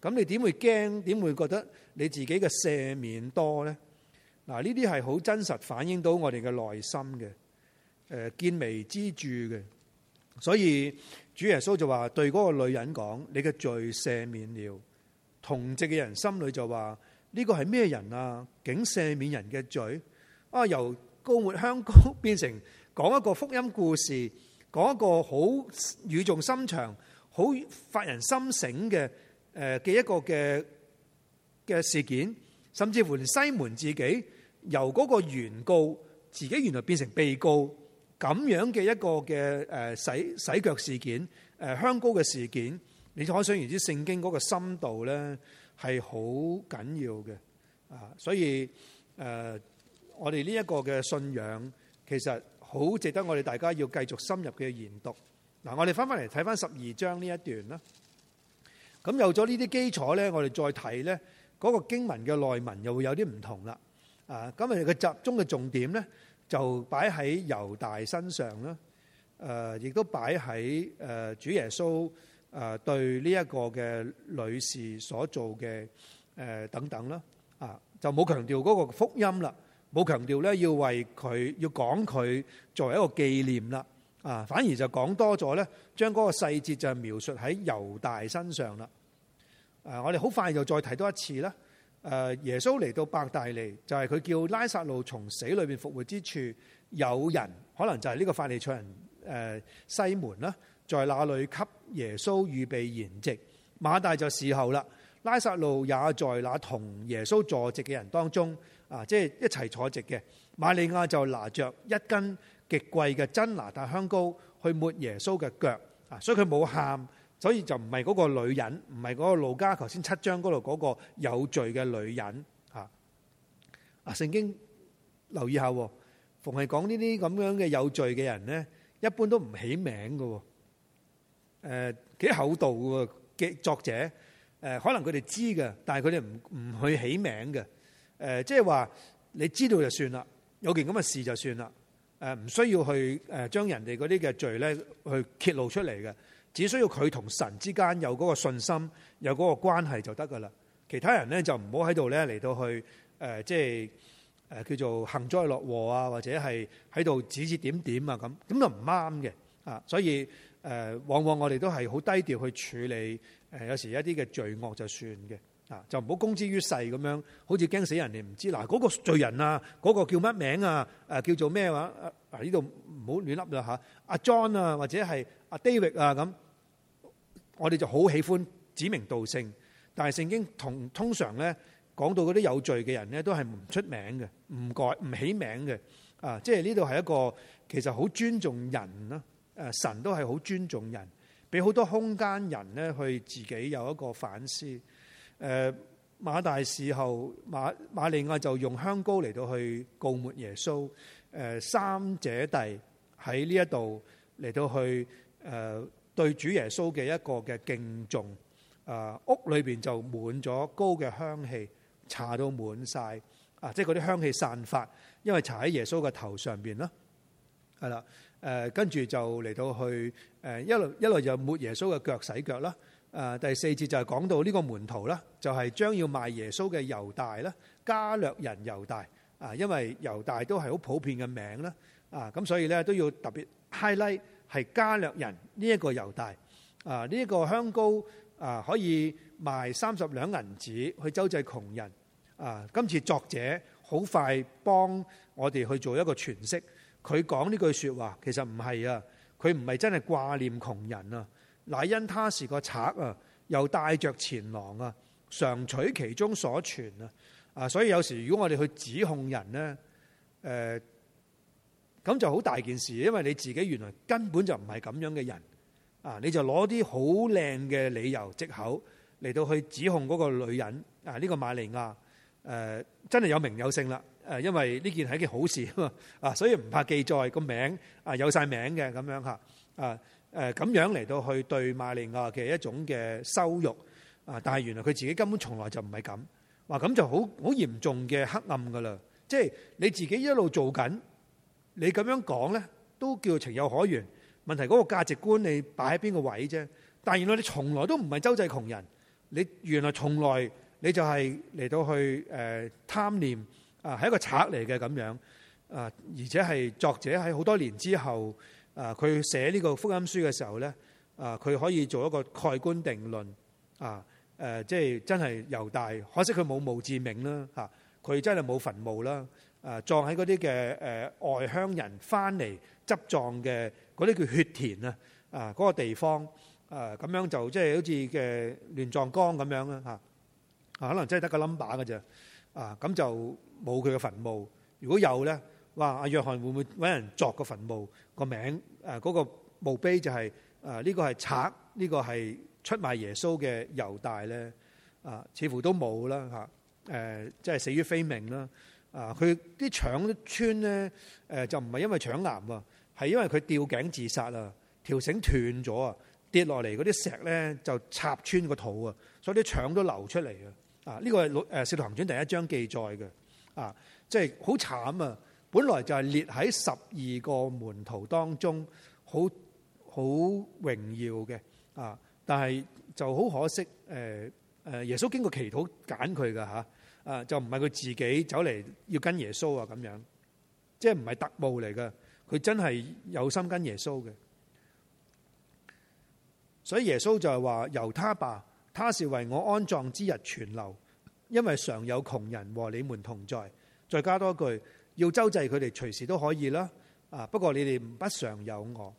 咁你點會驚？點會覺得你自己嘅赦免多呢？嗱，呢啲係好真實反映到我哋嘅內心嘅，誒，見微知著嘅。所以主耶穌就話對嗰個女人講：你嘅罪赦免了。同席嘅人心裏就話呢個係咩人啊？竟赦免人嘅罪啊？由高抹香膏變成講一個福音故事，講一個好語重心長。好發人心醒嘅誒嘅一個嘅嘅事件，甚至乎連西門自己由嗰個原告自己原來變成被告，咁樣嘅一個嘅誒洗洗腳事件、誒香膏嘅事件，你可想而知聖經嗰個深度咧係好緊要嘅啊！所以誒，我哋呢一個嘅信仰其實好值得我哋大家要繼續深入嘅研讀。嗱，我哋翻翻嚟睇翻十二章呢一段啦。咁有咗呢啲基礎咧，我哋再睇咧，嗰個經文嘅內文又會有啲唔同啦。啊，咁啊個集中嘅重點咧，就擺喺猶大身上啦。誒，亦都擺喺誒主耶穌誒對呢一個嘅女士所做嘅誒等等啦。啊，就冇強調嗰個福音啦，冇強調咧要為佢要講佢作為一個紀念啦。啊，反而就講多咗呢，將嗰個細節就描述喺猶大身上啦。啊，我哋好快就再提多一次啦。誒，耶穌嚟到伯大尼，就係、是、佢叫拉撒路從死裏邊復活之處，有人可能就係呢個法利賽人誒西門啦，在那裏給耶穌預備筵席，馬大就侍候啦，拉撒路也在那同耶穌坐席嘅人當中，啊，即係一齊坐席嘅，瑪利亞就拿着一根極貴嘅真哪噠香膏去抹耶穌嘅腳啊，所以佢冇喊，所以就唔係嗰個女人，唔係嗰個路加頭先七章嗰度嗰個有罪嘅女人啊。啊，聖經留意一下，逢係講呢啲咁樣嘅有罪嘅人咧，一般都唔起名嘅。誒、呃，幾厚道嘅作者誒、呃，可能佢哋知嘅，但係佢哋唔唔去起名嘅。誒、呃，即係話你知道就算啦，有件咁嘅事就算啦。誒唔需要去誒將人哋嗰啲嘅罪咧去揭露出嚟嘅，只需要佢同神之間有嗰個信心，有嗰個關係就得㗎喇。其他人咧就唔好喺度咧嚟到去誒，即係誒叫做幸災樂禍啊，或者係喺度指指點點啊咁，咁就唔啱嘅啊。所以誒，往往我哋都係好低調去處理誒，有時一啲嘅罪惡就算嘅。啊！就唔好公之於世咁樣，好似驚死人哋唔知嗱，嗰、那個罪人啊，嗰、那個叫乜名啊？誒、啊，叫做咩話、啊？啊！呢度唔好亂笠啦吓，阿、啊、John 啊，或者係阿、啊、David 啊咁，我哋就好喜歡指名道姓。但係聖經同通常咧講到嗰啲有罪嘅人咧，都係唔出名嘅，唔改唔起名嘅。啊，即係呢度係一個其實好尊重人啦。誒，神都係好尊重人，俾、啊、好多空間人咧去自己有一個反思。誒，馬大侍候，馬馬利亞就用香膏嚟到去膏抹耶穌。誒，三姐弟喺呢一度嚟到去誒對主耶穌嘅一個嘅敬重。啊，屋裏邊就滿咗膏嘅香氣，搽到滿晒，啊！即係嗰啲香氣散發，因為搽喺耶穌嘅頭上邊啦。係啦，誒，跟住就嚟到去誒一路一路就抹耶穌嘅腳洗腳啦。誒第四節就係講到呢個門徒啦，就係、是、將要賣耶穌嘅猶大啦，加略人猶大啊，因為猶大都係好普遍嘅名啦啊，咁所以咧都要特別 highlight 係加略人呢一個猶大啊，呢、這、一個香膏啊可以賣三十兩銀子去周濟窮人啊，今次作者好快幫我哋去做一個詮釋，佢講呢句説話其實唔係啊，佢唔係真係掛念窮人啊。乃因他是個賊啊，又帶着錢囊啊，常取其中所存啊，啊，所以有時如果我哋去指控人呢，誒、呃，咁就好大件事，因為你自己原來根本就唔係咁樣嘅人，人，啊，你就攞啲好靚嘅理由藉口嚟到去指控嗰個女人啊，呢個瑪利亞，誒，真係有名有姓啦，誒，因為呢件係一件好事啊嘛，啊，所以唔怕記載個名啊，有晒名嘅咁樣吓，啊。誒咁樣嚟到去對馬利亞嘅一種嘅羞辱啊！但係原來佢自己根本從來就唔係咁，哇！咁就好好嚴重嘅黑暗㗎喇！即係你自己一路做緊，你咁樣講呢，都叫情有可原。問題嗰個價值觀你擺喺邊個位啫？但係原來你從來都唔係周濟窮人，你原來從來你就係嚟到去誒貪念啊，係一個賊嚟嘅咁樣啊！而且係作者喺好多年之後。啊！佢寫呢個福音書嘅時候咧，啊，佢可以做一個蓋棺定論啊。誒，即係真係猶大，可惜佢冇墓誌銘啦嚇，佢真係冇墳墓啦。啊，葬喺嗰啲嘅誒外鄉人翻嚟執葬嘅嗰啲叫血田啊。啊，嗰個地方啊，咁樣就即係好似嘅亂葬崗咁樣啦嚇。可能真係得個 number 嘅啫。啊，咁就冇佢嘅墳墓。如果有咧，話，阿約翰會唔會揾人作個墳墓？個名誒嗰、那個墓碑就係誒呢個係賊，呢個係出賣耶穌嘅猶大咧啊，似乎都冇啦嚇誒，即係死於非命啦啊！佢啲腸穿咧誒就唔係因為腸癌喎，係因為佢吊頸自殺啦，條繩斷咗啊，跌落嚟嗰啲石咧就插穿個肚啊，所以啲腸都流出嚟啊！啊，呢個係誒《使徒行傳》第一章記載嘅啊，即係好慘啊！本來就係列喺十二個門徒當中，好好榮耀嘅啊！但係就好可惜，誒誒，耶穌經過祈禱揀佢噶吓，啊就唔係佢自己走嚟要跟耶穌啊咁樣，即係唔係特務嚟噶，佢真係有心跟耶穌嘅。所以耶穌就係話：由他吧，他是為我安葬之日存留，因為常有窮人和你們同在。再加多一句。要周濟佢哋，隨時都可以啦。啊，不過你哋不常有我。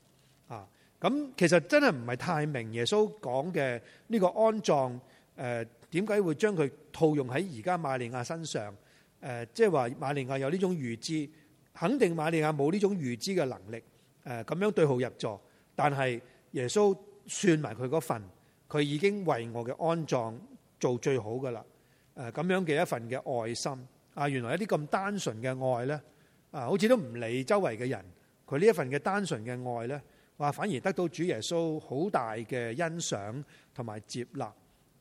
啊，咁其實真係唔係太明耶穌講嘅呢個安葬。誒，點解會將佢套用喺而家瑪利亞身上？誒，即係話瑪利亞有呢種預知，肯定瑪利亞冇呢種預知嘅能力。誒，咁樣對號入座，但係耶穌算埋佢嗰份，佢已經為我嘅安葬做最好㗎喇。誒，咁樣嘅一份嘅愛心。啊！原來一啲咁單純嘅愛咧，啊，好似都唔理周圍嘅人，佢呢一份嘅單純嘅愛咧，話反而得到主耶穌好大嘅欣賞同埋接納。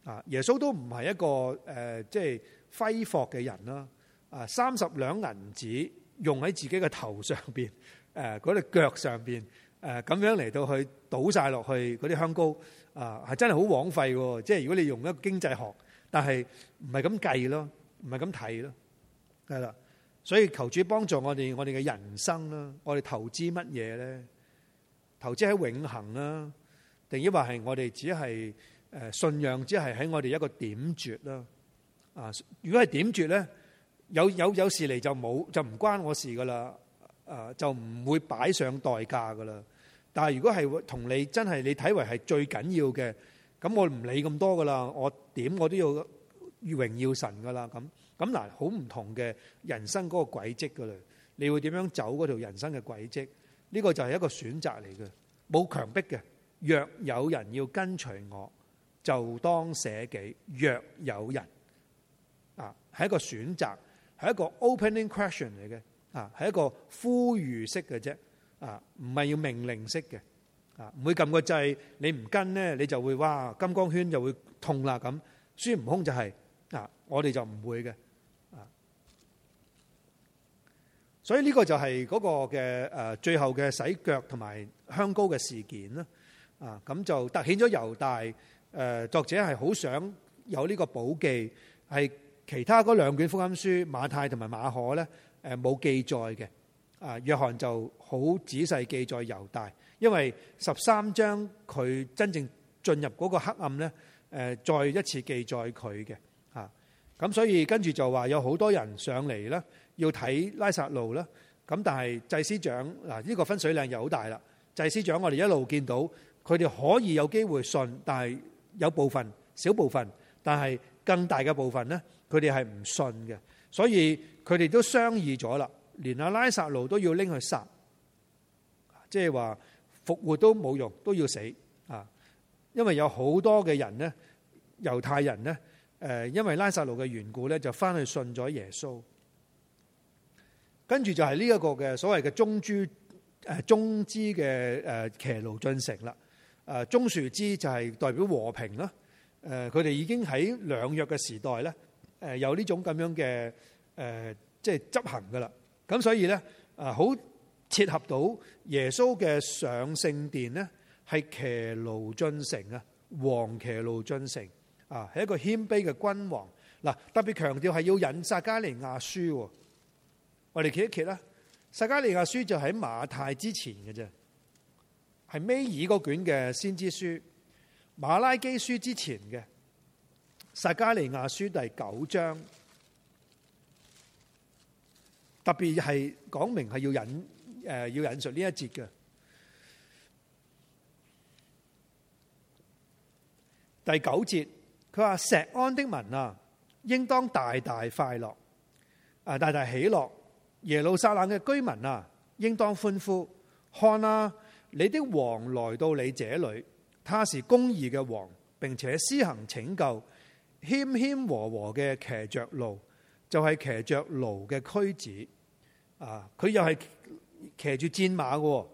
啊！耶穌都唔係一個誒、呃，即係揮霍嘅人啦。啊，三十兩銀子用喺自己嘅頭上邊，誒，嗰隻腳上邊，誒、呃、咁樣嚟到去倒晒落去嗰啲香膏，啊、呃，係真係好枉費嘅。即係如果你用一個經濟學，但係唔係咁計咯，唔係咁睇咯。係啦，所以求主幫助我哋，我哋嘅人生啦，我哋投資乜嘢咧？投資喺永恒啦，定抑或係我哋只係誒信仰，只係喺我哋一個點綴啦？啊，如果係點綴咧，有有有事嚟就冇，就唔關我事噶啦，誒就唔會擺上代價噶啦。但係如果係同你真係你睇為係最緊要嘅，咁我唔理咁多噶啦，我點我都要榮耀神噶啦咁。咁嗱，好唔同嘅人生嗰個軌跡噶嘞，你會點樣走嗰條人生嘅軌跡？呢個就係一個選擇嚟嘅，冇強迫嘅。若有人要跟隨我，就當捨己；若有人啊，係一個選擇，係一個 opening question 嚟嘅啊，係一個呼籲式嘅啫啊，唔係要命令式嘅啊，唔會撳個掣，你唔跟咧，你就會哇金剛圈就會痛啦咁。孫悟空就係啊，我哋就唔會嘅。所以呢個就係嗰個嘅誒最後嘅洗腳同埋香膏嘅事件啦，啊咁就凸顯咗猶大誒、呃、作者係好想有呢個補記，係其他嗰兩卷福音書馬太同埋馬可咧誒冇記載嘅，啊約翰就好仔細記載猶大，因為十三章佢真正進入嗰個黑暗咧誒、呃、再一次記載佢嘅嚇，咁、啊、所以跟住就話有好多人上嚟啦。要睇拉撒路啦，咁但係祭司長嗱，呢個分水嶺又好大啦。祭司長我哋一路見到佢哋可以有機會信，但係有部分小部分，但係更大嘅部分咧，佢哋係唔信嘅，所以佢哋都商議咗啦，連阿拉撒路都要拎去殺，即係話復活都冇用，都要死啊！因為有好多嘅人咧，猶太人咧，誒，因為拉撒路嘅緣故咧，就翻去信咗耶穌。跟住就係呢一個嘅所謂嘅棕樹棕枝嘅、誒，騎驢進城啦。棕樹枝就係代表和平咯。誒，佢哋已經喺兩約嘅時代咧、呃，有呢種咁樣嘅、呃、即係執行噶啦。咁所以咧，好、呃、切合到耶穌嘅上聖殿咧，係騎驢進城啊，黃騎驢進城啊，係一個謙卑嘅君王。嗱、啊、特別強調係要引撒迦利亞書。我哋企一企啦，《撒迦利亞書》就喺馬太之前嘅啫，係尾二嗰卷嘅先知書，《馬拉基書》之前嘅《撒迦利亞書》第九章，特別係講明係要引誒、呃、要引述呢一節嘅第九節，佢話石安的民啊，應當大大快樂啊，大大喜樂。耶路撒冷嘅居民啊，應當歡呼！看啊，你的王來到你這裏，他是公義嘅王，並且施行拯救。謙謙和和嘅騎着驢，就係、是、騎着驢嘅駒子啊！佢又係騎住戰馬嘅，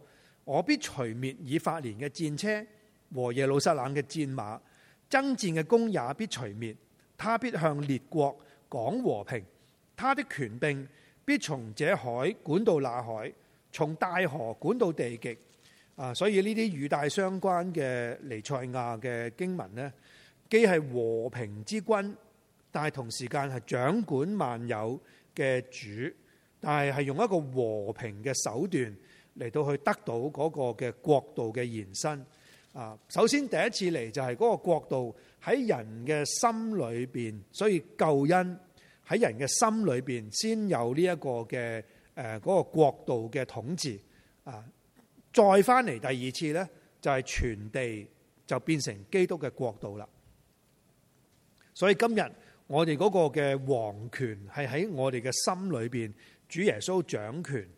我必除滅以法蓮嘅戰車和耶路撒冷嘅戰馬，爭戰嘅弓也必除滅。他必向列國講和平，他的權柄。必從這海管到那海，從大河管到地極。啊，所以呢啲與大相關嘅彌賽亞嘅經文呢既係和平之君，但係同時間係掌管萬有嘅主，但係係用一個和平嘅手段嚟到去得到嗰個嘅國度嘅延伸。啊，首先第一次嚟就係嗰個國度喺人嘅心裏邊，所以救恩喺人嘅心裏邊先有呢一個嘅誒個國度嘅統治啊，再翻嚟第二次咧就係全地就變成基督嘅國度啦。所以今日我哋嗰個嘅皇權係喺我哋嘅心裏邊，主耶穌掌權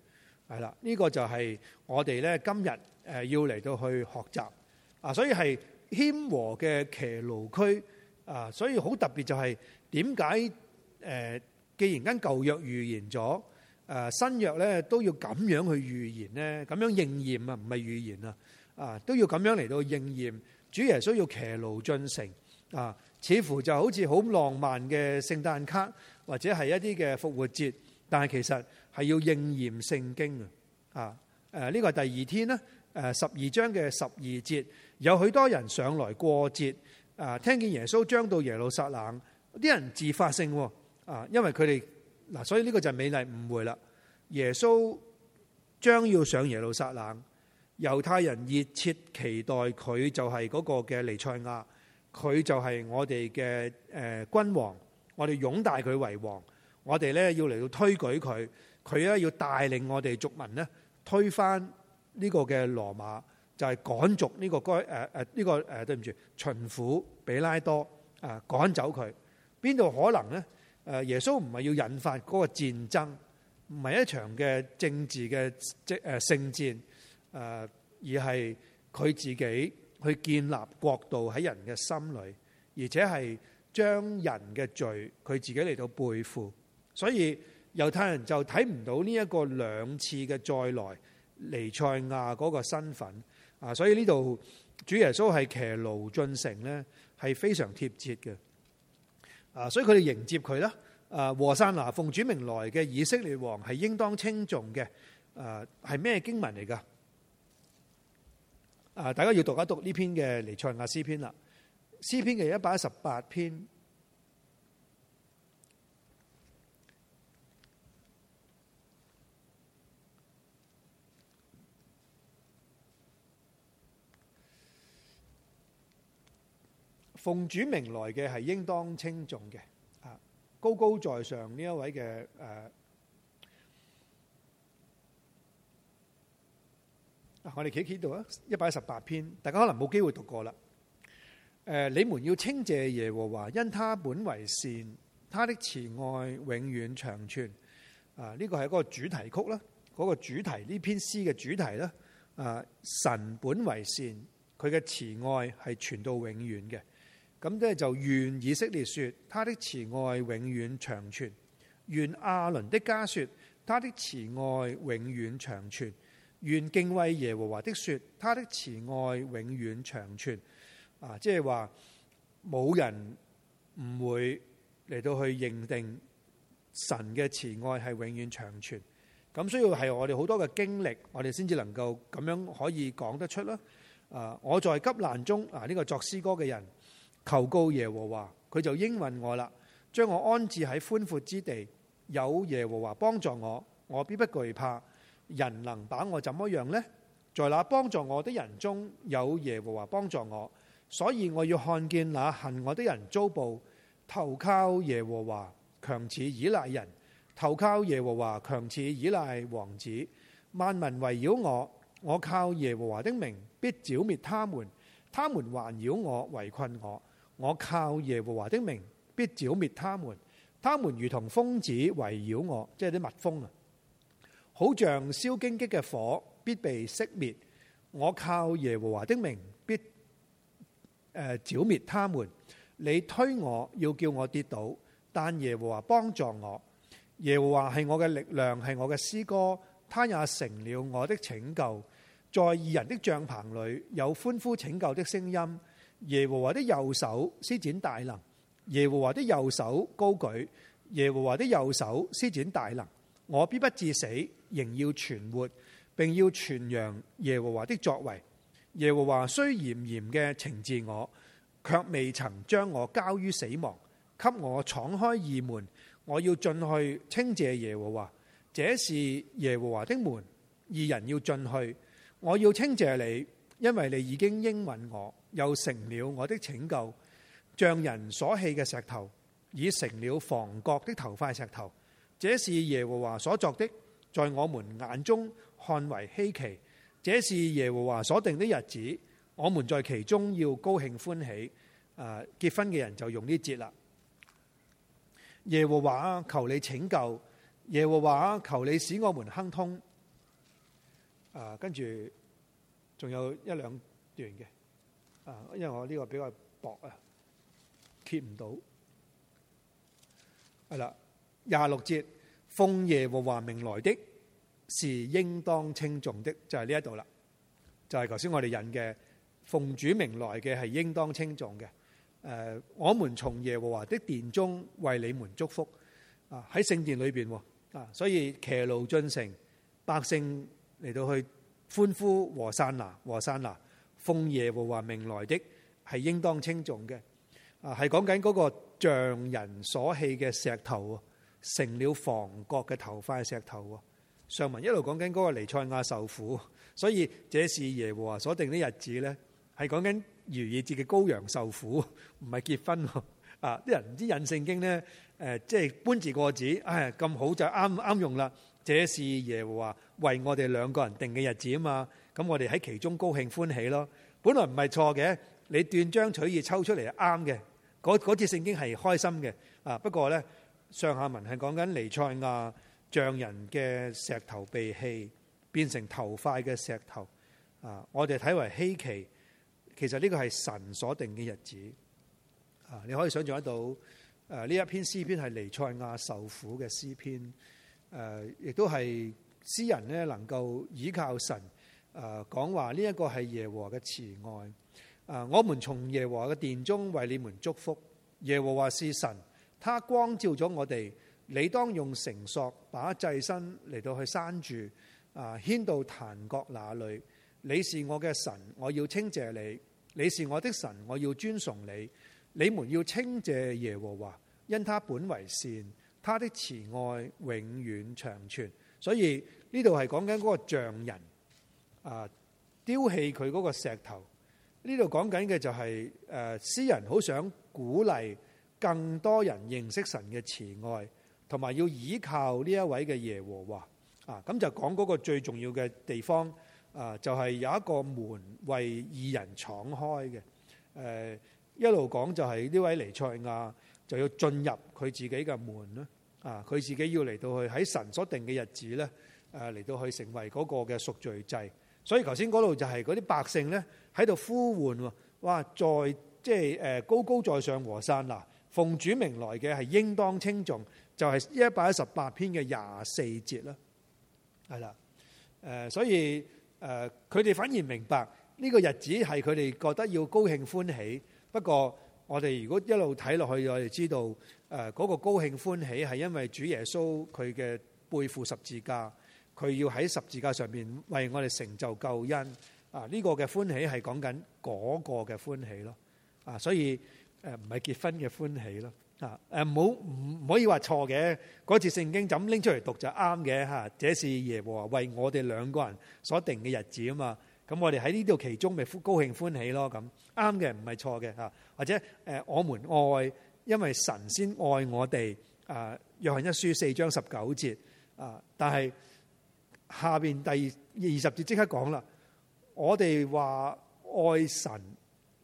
係啦。呢個就係我哋咧今日誒要嚟到去學習啊。所以係謙和嘅騎驢區啊，所以好特別就係點解？誒，既然跟舊約預言咗，誒新約咧都要咁樣去預言呢咁樣應驗啊，唔係預言啊，啊都要咁樣嚟到應驗。主耶穌要騎驢進城啊，似乎就好似好浪漫嘅聖誕卡，或者係一啲嘅復活節，但係其實係要應驗聖經啊。啊，誒呢個係第二天呢，誒十二章嘅十二節，有許多人上來過節，啊聽見耶穌將到耶路撒冷，啲人自發性。啊，因為佢哋嗱，所以呢個就係美麗誤會啦。耶穌將要上耶路撒冷，猶太人熱切期待佢就係嗰個嘅彌賽亞，佢就係我哋嘅誒君王，我哋擁戴佢為王，我哋咧要嚟到推舉佢，佢咧要帶領我哋族民呢推翻呢個嘅羅馬，就係趕逐呢個該誒誒呢個誒、呃、對唔住巡撫彼拉多啊趕、呃、走佢，邊度可能呢？誒耶穌唔係要引發嗰個戰爭，唔係一場嘅政治嘅即誒聖戰，誒而係佢自己去建立國度喺人嘅心裡，而且係將人嘅罪佢自己嚟到背負，所以猶太人就睇唔到呢一個兩次嘅再來彌賽亞嗰個身份啊，所以呢度主耶穌係騎驢進城呢，係非常貼切嘅。啊！所以佢哋迎接佢啦。啊，和散那，奉主名來嘅以色列王係應當稱頌嘅。啊，係咩經文嚟噶？啊，大家要讀一讀呢篇嘅彌賽亞詩篇啦。詩篇嘅一百一十八篇。奉主名來嘅係應當稱頌嘅啊，高高在上呢一位嘅。誒，嗱我哋企喺度啊，一百一十八篇，大家可能冇機會讀過啦。誒，你們要稱謝耶和華，因他本為善，他的慈愛永遠長存。啊，呢個係一個主題曲啦，嗰、嗰個主題呢篇詩嘅主題啦。啊，神本為善，佢嘅慈愛係傳到永遠嘅。咁即係就願以色列說，他的慈愛永遠長存，願亞倫的家說，他的慈愛永遠長存，願敬畏耶和華的說，他的慈愛永遠長存。啊，即係話冇人唔會嚟到去認定神嘅慈愛係永遠長存。咁需要係我哋好多嘅經歷，我哋先至能夠咁樣可以講得出啦。啊，我在急難中啊，呢、這個作詩歌嘅人。求告耶和華，佢就應允我啦。將我安置喺寬闊之地，有耶和華幫助我，我必不懼怕。人能把我怎麼樣呢？在那幫助我的人中有耶和華幫助我，所以我要看見那恨我的人遭報。投靠耶和華，強似倚賴人；投靠耶和華，強似倚賴王子。萬民圍繞我，我靠耶和華的名必剿滅他們。他們環繞我，圍困我。我靠耶和華的名必剿滅他們，他們如同蜂子圍繞我，即係啲蜜蜂啊，好像燒荊棘嘅火，必被熄滅。我靠耶和華的名必誒剿滅他們。你推我要叫我跌倒，但耶和華幫助我，耶和華係我嘅力量，係我嘅詩歌，他也成了我的拯救。在義人的帳棚裏有歡呼拯救的聲音。耶和華的右手施展大能，耶和華的右手高舉，耶和華的右手施展大能。我必不致死，仍要存活，並要傳揚耶和華的作為。耶和華雖嚴嚴嘅懲治我，卻未曾將我交於死亡，給我敞開義門。我要進去稱謝耶和華，這是耶和華的門，義人要進去。我要稱謝你，因為你已經應允我。又成了我的拯救，像人所棄嘅石頭，已成了房角的頭塊石頭。這是耶和華所作的，在我們眼中看為稀奇。這是耶和華所定的日子，我們在其中要高興歡喜。啊，結婚嘅人就用呢節啦。耶和華求你拯救，耶和華求你使我們亨通。啊，跟住仲有一兩段嘅。啊，因為我呢個比較薄啊，揭唔到。係啦，廿六節，奉耶和華名來的是應當稱頌的，就係呢一度啦。就係頭先我哋引嘅，奉主名來嘅係應當稱頌嘅。誒，我們從耶和華的殿中為你們祝福。啊，喺聖殿裏邊啊，所以騎驢進城，百姓嚟到去歡呼和山拿，和山拿。奉耶和華名來的係應當稱頌嘅，啊係講緊嗰個匠人所棄嘅石頭，成了房角嘅頭塊石頭。上文一路講緊嗰個尼賽亞受苦，所以這是耶和華所定嘅日子咧，係講緊逾越節嘅羔羊受苦，唔係結婚。啊啲人唔知引聖經咧，誒即係搬字過紙，哎咁好就啱啱用啦。這是耶和華為我哋兩個人定嘅日子啊嘛。咁我哋喺其中高興歡喜咯，本來唔係錯嘅，你斷章取義抽出嚟係啱嘅，嗰次聖經係開心嘅。啊，不過呢，上下文係講緊尼賽亞匠人嘅石頭被棄變成頭塊嘅石頭。啊，我哋睇為稀奇，其實呢個係神所定嘅日子。啊，你可以想像得到，誒呢一篇詩篇係尼賽亞受苦嘅詩篇。誒，亦都係詩人咧能夠倚靠神。誒，講話呢一個係耶和華嘅慈愛。誒，我們從耶和華嘅殿中為你們祝福。耶和華是神，他光照咗我哋。你當用繩索把祭牲嚟到去拴住。啊，牽到壇角那裏。你是我嘅神，我要稱謝你。你是我的神，我要尊崇你。你們要稱謝耶和華，因他本為善，他的慈愛永遠長存。所以呢度係講緊嗰個匠人。啊！丟棄佢嗰個石頭，呢度講緊嘅就係、是、誒，詩人好想鼓勵更多人認識神嘅慈愛，同埋要依靠呢一位嘅耶和華。啊，咁就講嗰個最重要嘅地方，啊，就係、是、有一個門為二人敞開嘅。誒、啊，一路講就係呢位彌賽亞就要進入佢自己嘅門啦。啊，佢自己要嚟到去喺神所定嘅日子咧，誒、啊、嚟到去成為嗰個嘅贖罪祭。所以頭先嗰度就係嗰啲百姓咧喺度呼喚喎，哇！在即係誒高高在上和散那，奉主名來嘅係應當稱頌，就係一百一十八篇嘅廿四節啦，係啦，誒所以誒佢哋反而明白呢、這個日子係佢哋覺得要高興歡喜，不過我哋如果一路睇落去，我哋知道誒嗰、呃那個高興歡喜係因為主耶穌佢嘅背負十字架。佢要喺十字架上面為我哋成就救恩啊！呢、這個嘅歡喜係講緊嗰個嘅歡喜咯啊！所以誒唔係結婚嘅歡喜咯啊！誒唔好唔可以話錯嘅嗰節聖經就咁拎出嚟讀就啱嘅吓，這是耶和華為我哋兩個人所定嘅日子啊嘛！咁我哋喺呢度其中咪高興歡喜咯，咁啱嘅，唔係錯嘅吓。或者誒我們愛，因為神先愛我哋啊，約翰一書四章十九節啊，但係。下面第二十節即刻講啦，我哋話愛神，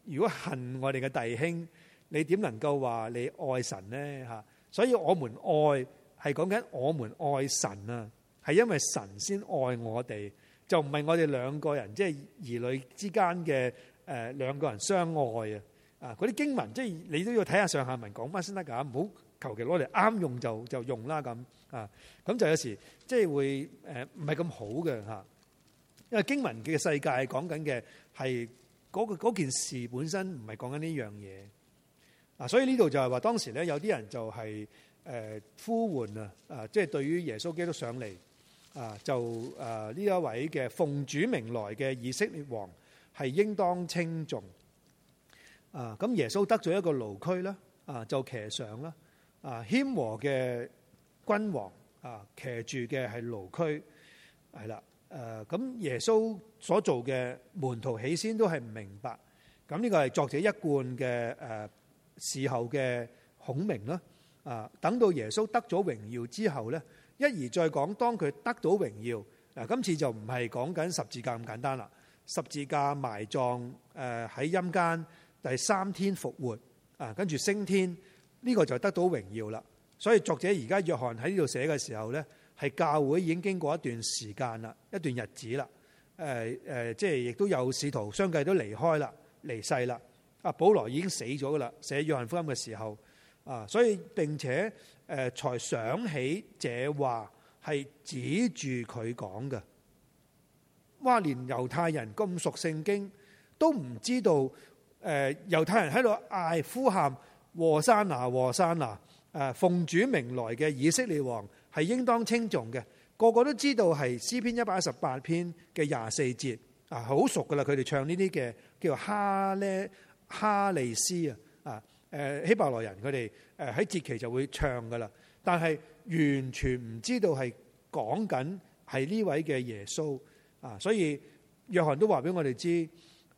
如果恨我哋嘅弟兄，你點能夠話你愛神呢？吓，所以我們愛係講緊我們愛神啊，係因為神先愛我哋，就唔係我哋兩個人即係兒女之間嘅誒兩個人相愛啊！啊，嗰啲經文即係你都要睇下上下文講乜先得噶，唔好求其攞嚟啱用就就用啦咁。啊，咁就有時即係會唔係咁好嘅，啊、因為經文嘅世界講緊嘅係嗰件事本身，唔係講緊呢樣嘢。啊，所以呢度就係話當時咧有啲人就係、是呃、呼喚啊，啊，即係對於耶穌基督上嚟啊，就呢、啊、一位嘅奉主名來嘅以色列王係應當稱頌。啊，咁耶穌得咗一個驢駒啦，啊，就騎上啦，啊，謙和嘅。君王啊，騎住嘅係驢駒，係啦，誒咁耶穌所做嘅門徒起先都係唔明白，咁呢個係作者一貫嘅誒事後嘅孔明啦，啊，等到耶穌得咗榮耀之後呢，一而再講，當佢得到榮耀，嗱今次就唔係講緊十字架咁簡單啦，十字架埋葬誒喺陰間，第三天復活啊，跟住升天，呢個就得到榮耀啦。所以作者而家約翰喺呢度寫嘅時候咧，係教會已經經過一段時間啦，一段日子啦。誒、呃、誒，即係亦都有使徒相繼都離開啦，離世啦。阿、啊、保羅已經死咗噶啦，寫約翰福音嘅時候啊，所以並且誒、呃、才想起這話係指住佢講嘅。哇！連猶太人咁熟聖經都唔知道，誒、呃、猶太人喺度嗌呼喊和散那、啊、和散那、啊。誒奉主名來嘅以色列王係應當稱頌嘅，個個都知道係詩篇一百一十八篇嘅廿四節啊，好熟噶啦！佢哋唱呢啲嘅叫哈咧哈利斯啊，啊誒希伯來人佢哋誒喺節期就會唱噶啦，但係完全唔知道係講緊係呢位嘅耶穌啊，所以約翰都話俾我哋知，誒、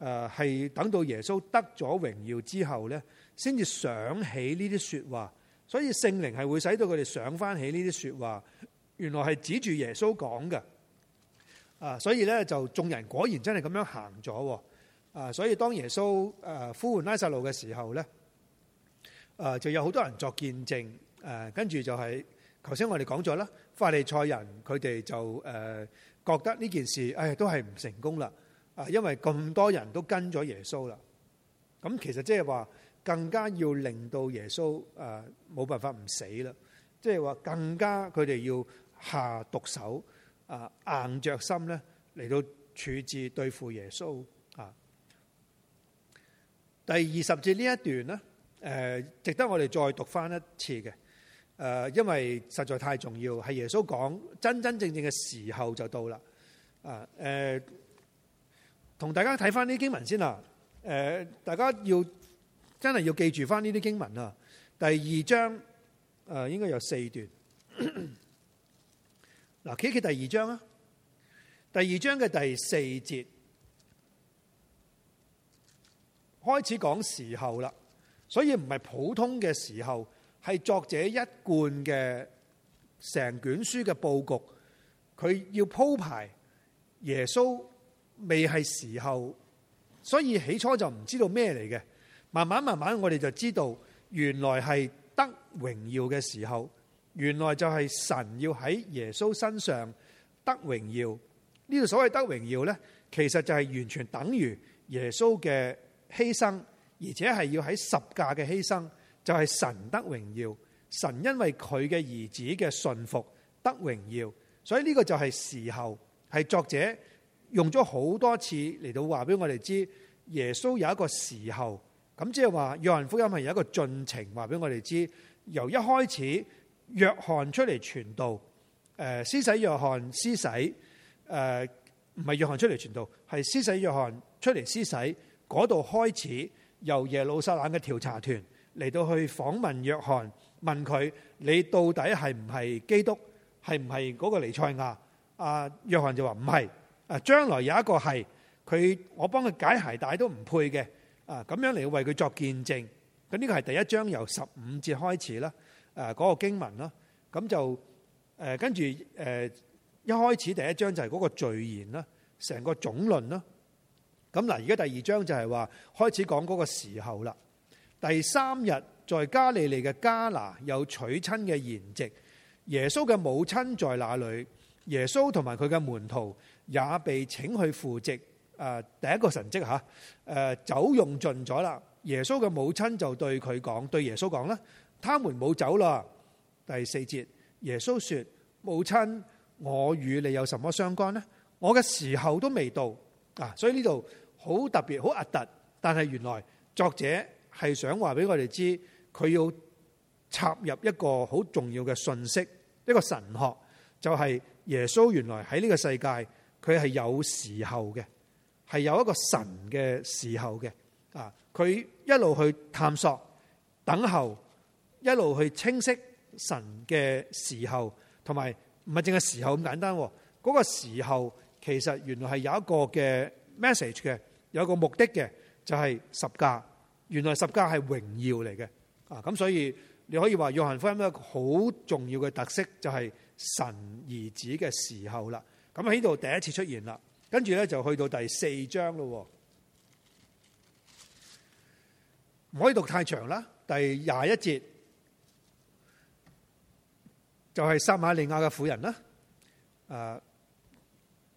啊、係等到耶穌得咗榮耀之後咧，先至想起呢啲説話。所以聖靈係會使到佢哋想翻起呢啲説話，原來係指住耶穌講嘅。啊，所以咧就眾人果然真係咁樣行咗。啊，所以當耶穌誒呼喚拉撒路嘅時候咧，誒就有好多人作見證。誒跟住就係頭先我哋講咗啦，法利賽人佢哋就誒覺得呢件事誒都係唔成功啦。啊，因為咁多人都跟咗耶穌啦。咁其實即係話。更加要令到耶穌誒冇辦法唔死啦，即係話更加佢哋要下毒手啊，硬着心咧嚟到處置對付耶穌啊。第二十節呢一段咧，誒、呃、值得我哋再讀翻一次嘅誒、啊，因為實在太重要，係耶穌講真真正正嘅時候就到啦啊！誒、呃，同大家睇翻啲經文先啦，誒、呃、大家要。真係要記住返呢啲經文啊。第二章，誒、呃、應該有四段。嗱，企唓，第二章啊，第二章嘅第四節開始講時候啦。所以唔係普通嘅時候，係作者一貫嘅成卷書嘅佈局，佢要鋪排耶穌未係時候，所以起初就唔知道咩嚟嘅。慢慢慢慢，我哋就知道原來係得榮耀嘅時候，原來就係神要喺耶穌身上得榮耀。呢個所謂得榮耀咧，其實就係完全等於耶穌嘅犧牲，而且係要喺十架嘅犧牲，就係神得榮耀。神因為佢嘅兒子嘅順服得榮耀，所以呢個就係時候，係作者用咗好多次嚟到話俾我哋知，耶穌有一個時候。咁即係話，約翰福音係有一個進程，話俾我哋知，由一開始約翰出嚟傳道，誒、呃，施洗約翰施洗，誒、呃，唔係約翰出嚟傳道，係施洗約翰出嚟施洗，嗰度開始，由耶路撒冷嘅調查團嚟到去訪問約翰，問佢你到底係唔係基督，係唔係嗰個彌賽亞？阿約翰就話唔係，啊，將來有一個係佢，我幫佢解鞋帶都唔配嘅。啊，咁樣嚟為佢作見證。咁呢個係第一章由十五節開始啦。嗰、那個經文啦，咁就跟住一開始第一章就係嗰個序言啦，成個總論啦。咁嗱，而家第二章就係話開始講嗰個時候啦。第三日在加利利嘅加拿有娶親嘅筵席，耶穌嘅母親在那裡，耶穌同埋佢嘅門徒也被請去赴席。誒，第一個神跡吓，誒酒用盡咗啦。耶穌嘅母親就對佢講，對耶穌講啦，他們冇酒啦。第四節，耶穌說：母親，我與你有什麼相關呢？我嘅時候都未到啊。所以呢度好特別，好核突。但係原來作者係想話俾我哋知，佢要插入一個好重要嘅信息，一個神學就係、是、耶穌原來喺呢個世界佢係有時候嘅。係有一個神嘅時候嘅，啊！佢一路去探索、等候，一路去清晰神嘅時候，同埋唔係淨係時候咁簡單。嗰、那個時候其實原來係有一個嘅 message 嘅，有一個目的嘅，就係、是、十架。原來十架係榮耀嚟嘅，啊！咁所以你可以話約翰福音一個好重要嘅特色就係、是、神兒子嘅時候啦。咁喺度第一次出現啦。跟住咧就去到第四章咯，唔可以讀太長啦。第廿一節就係撒瑪利亞嘅婦人啦，啊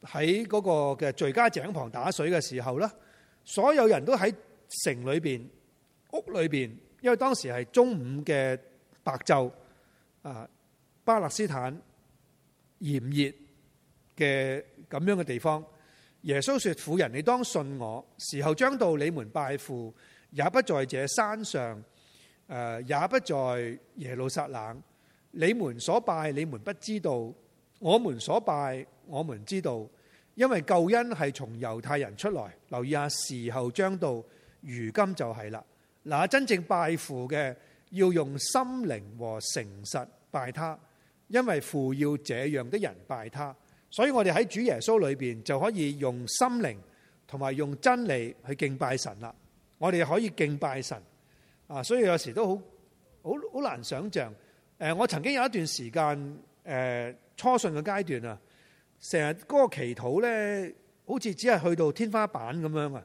喺嗰個嘅敘加井旁打水嘅時候啦，所有人都喺城裏邊、屋裏邊，因為當時係中午嘅白晝，啊巴勒斯坦炎熱嘅咁樣嘅地方。耶穌說：婦人你當信我，時候將到，你們拜父也不在這山上，也不在耶路撒冷。你們所拜你們不知道，我們所拜我們知道，因為救恩係從猶太人出來。留意下時候將到，如今就係啦。嗱，真正拜父嘅要用心靈和誠實拜他，因為父要這樣的人拜他。所以我哋喺主耶穌裏邊就可以用心靈同埋用真理去敬拜神啦。我哋可以敬拜神啊，所以有時都好好好難想象。誒，我曾經有一段時間誒，初信嘅階段啊，成日嗰個祈禱咧，好似只係去到天花板咁樣啊，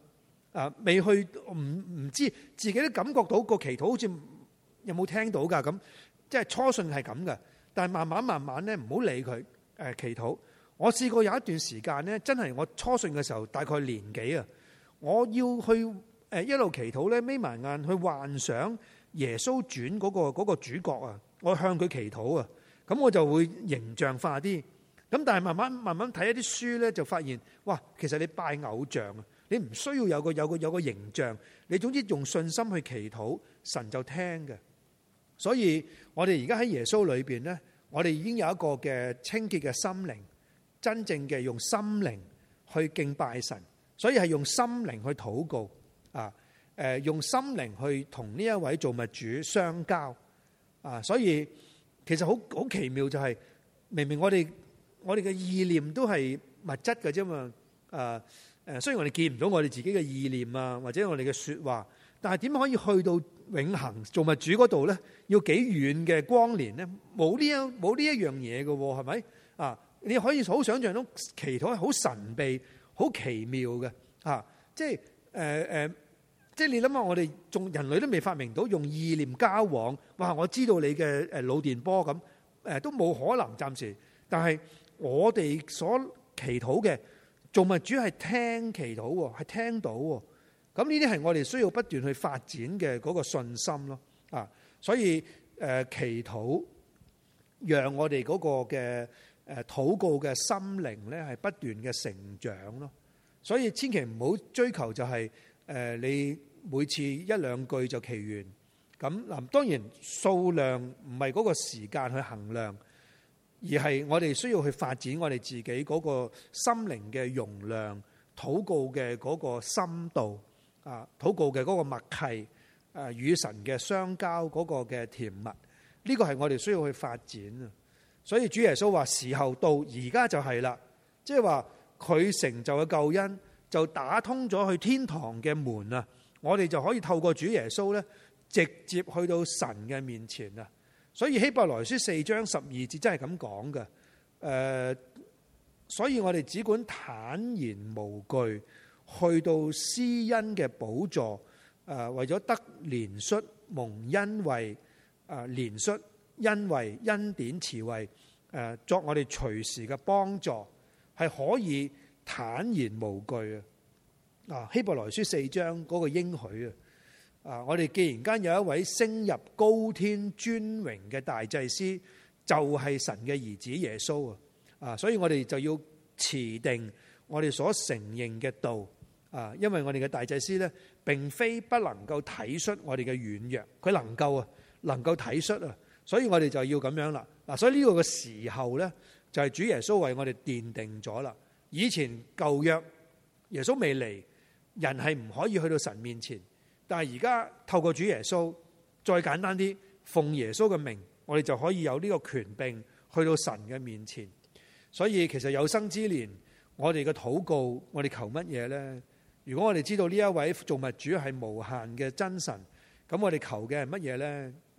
啊未去唔，唔知自己都感覺到個祈禱好似有冇聽到㗎咁，即係初信係咁嘅。但係慢慢慢慢咧，唔好理佢，誒祈禱。我試過有一段時間呢真係我初信嘅時候，大概年幾啊，我要去誒一路祈禱咧，眯埋眼去幻想耶穌轉嗰個嗰個主角啊，我向佢祈禱啊，咁我就會形象化啲。咁但係慢慢慢慢睇一啲書咧，就發現哇，其實你拜偶像啊，你唔需要有個有個有個形象，你總之用信心去祈禱，神就聽嘅。所以我哋而家喺耶穌裏面呢，我哋已經有一個嘅清潔嘅心靈。真正嘅用心靈去敬拜神，所以係用心靈去禱告啊！誒，用心靈去同呢一位造物主相交啊！所以其實好好奇妙就係、是，明明我哋我哋嘅意念都係物質嘅啫嘛！誒誒，雖然我哋見唔到我哋自己嘅意念啊，或者我哋嘅說話，但係點可以去到永恆造物主嗰度咧？要幾遠嘅光年咧？冇呢一冇呢一樣嘢嘅係咪啊？你可以好想像到祈禱係好神秘、好奇妙嘅吓，啊，即係、呃、即係你諗下，我哋仲人類都未發明到用意念交往，哇！我知道你嘅誒腦電波咁，、啊、都冇可能暫時。但係我哋所祈禱嘅，造物主要係聽祈禱喎，係聽到喎。咁呢啲係我哋需要不斷去發展嘅嗰個信心咯。啊，所以、呃、祈禱，讓我哋嗰個嘅。誒禱告嘅心靈咧，係不斷嘅成長咯。所以千祈唔好追求就係誒你每次一兩句就祈完咁嗱。當然數量唔係嗰個時間去衡量，而係我哋需要去發展我哋自己嗰個心靈嘅容量、禱告嘅嗰個深度啊、禱告嘅嗰個默契啊、與神嘅相交嗰個嘅甜蜜。呢個係我哋需要去發展啊。所以主耶穌話時候到，而家就係啦，即係話佢成就嘅救恩，就打通咗去天堂嘅門啊！我哋就可以透過主耶穌咧，直接去到神嘅面前啊！所以希伯來書四章十二節真係咁講嘅，誒、呃，所以我哋只管坦然無懼去到施恩嘅寶座，誒、呃，為咗得憐恤蒙恩惠啊憐恤。呃因為恩，恩典慈惠，誒作我哋隨時嘅幫助，係可以坦然無懼啊！啊，希伯來書四章嗰個應許啊！啊，我哋既然間有一位升入高天尊榮嘅大祭司，就係、是、神嘅兒子耶穌啊！啊，所以我哋就要持定我哋所承認嘅道啊！因為我哋嘅大祭司咧，並非不能夠體恤我哋嘅軟弱，佢能夠啊，能夠體恤啊。所以我哋就要咁樣啦。嗱，所以呢個嘅時候呢，就係主耶穌為我哋奠定咗啦。以前舊約耶穌未嚟，人係唔可以去到神面前。但係而家透過主耶穌，再簡單啲，奉耶穌嘅名，我哋就可以有呢個權柄去到神嘅面前。所以其實有生之年，我哋嘅禱告，我哋求乜嘢呢？如果我哋知道呢一位造物主係無限嘅真神，咁我哋求嘅係乜嘢呢？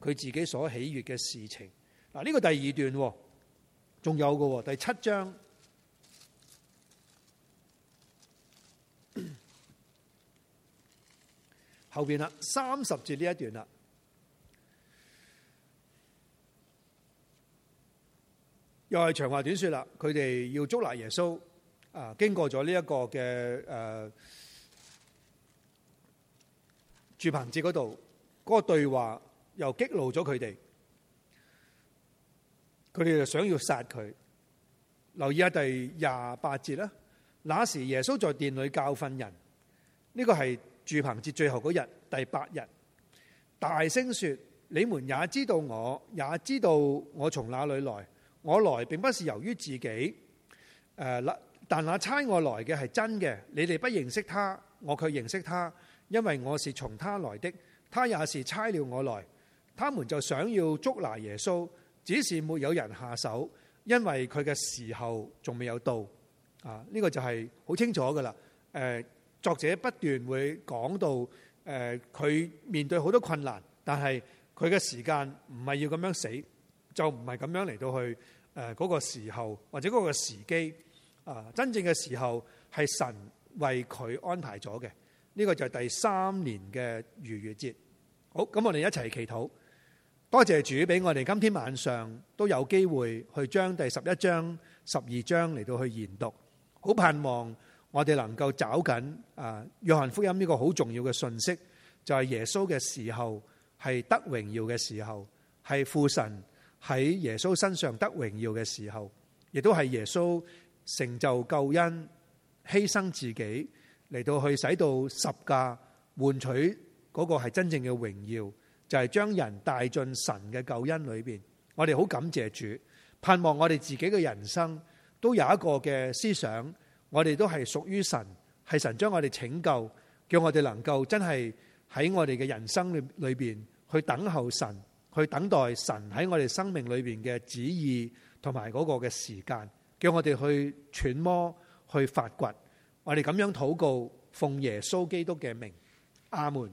佢自己所喜悦嘅事情，嗱、這、呢個第二段，仲有個第七章後邊啦，三十節呢一段啦，又係長話短說啦，佢哋要捉拿耶穌啊，經過咗呢一個嘅誒、呃，住棚節嗰度嗰個對話。又激怒咗佢哋，佢哋就想要殺佢。留意一下第廿八節啦，那時耶穌在殿裏教訓人，呢、這個係住棚節最後嗰日，第八日，大聲說：你們也知道我，也知道我從哪裏來。我來並不是由於自己，誒、呃，但那差我來嘅係真嘅。你哋不認識他，我卻認識他，因為我是從他來的，他也是差了我來。他們就想要捉拿耶穌，只是沒有人下手，因為佢嘅時候仲未有到。啊，呢個就係好清楚㗎啦。誒，作者不斷會講到誒，佢面對好多困難，但係佢嘅時間唔係要咁樣死，就唔係咁樣嚟到去誒嗰個時候或者嗰個時機。啊，真正嘅時候係神為佢安排咗嘅。呢、這個就係第三年嘅逾越節。好，咁我哋一齊祈禱。多謝主俾我哋今天晚上都有機會去將第十一章、十二章嚟到去研讀，好盼望我哋能夠找緊啊，約翰福音呢個好重要嘅信息，就係耶穌嘅時候係得榮耀嘅時候，係父神喺耶穌身上得榮耀嘅時候，亦都係耶穌成就救恩、犧牲自己嚟到去使到十架換取嗰個係真正嘅榮耀。就係將人帶進神嘅救恩裏邊，我哋好感謝主，盼望我哋自己嘅人生都有一個嘅思想，我哋都係屬於神，係神將我哋拯救，叫我哋能夠真係喺我哋嘅人生裏裏邊去等候神，去等待神喺我哋生命裏邊嘅旨意同埋嗰個嘅時間，叫我哋去揣摩、去發掘，我哋咁樣禱告，奉耶穌基督嘅名，阿門。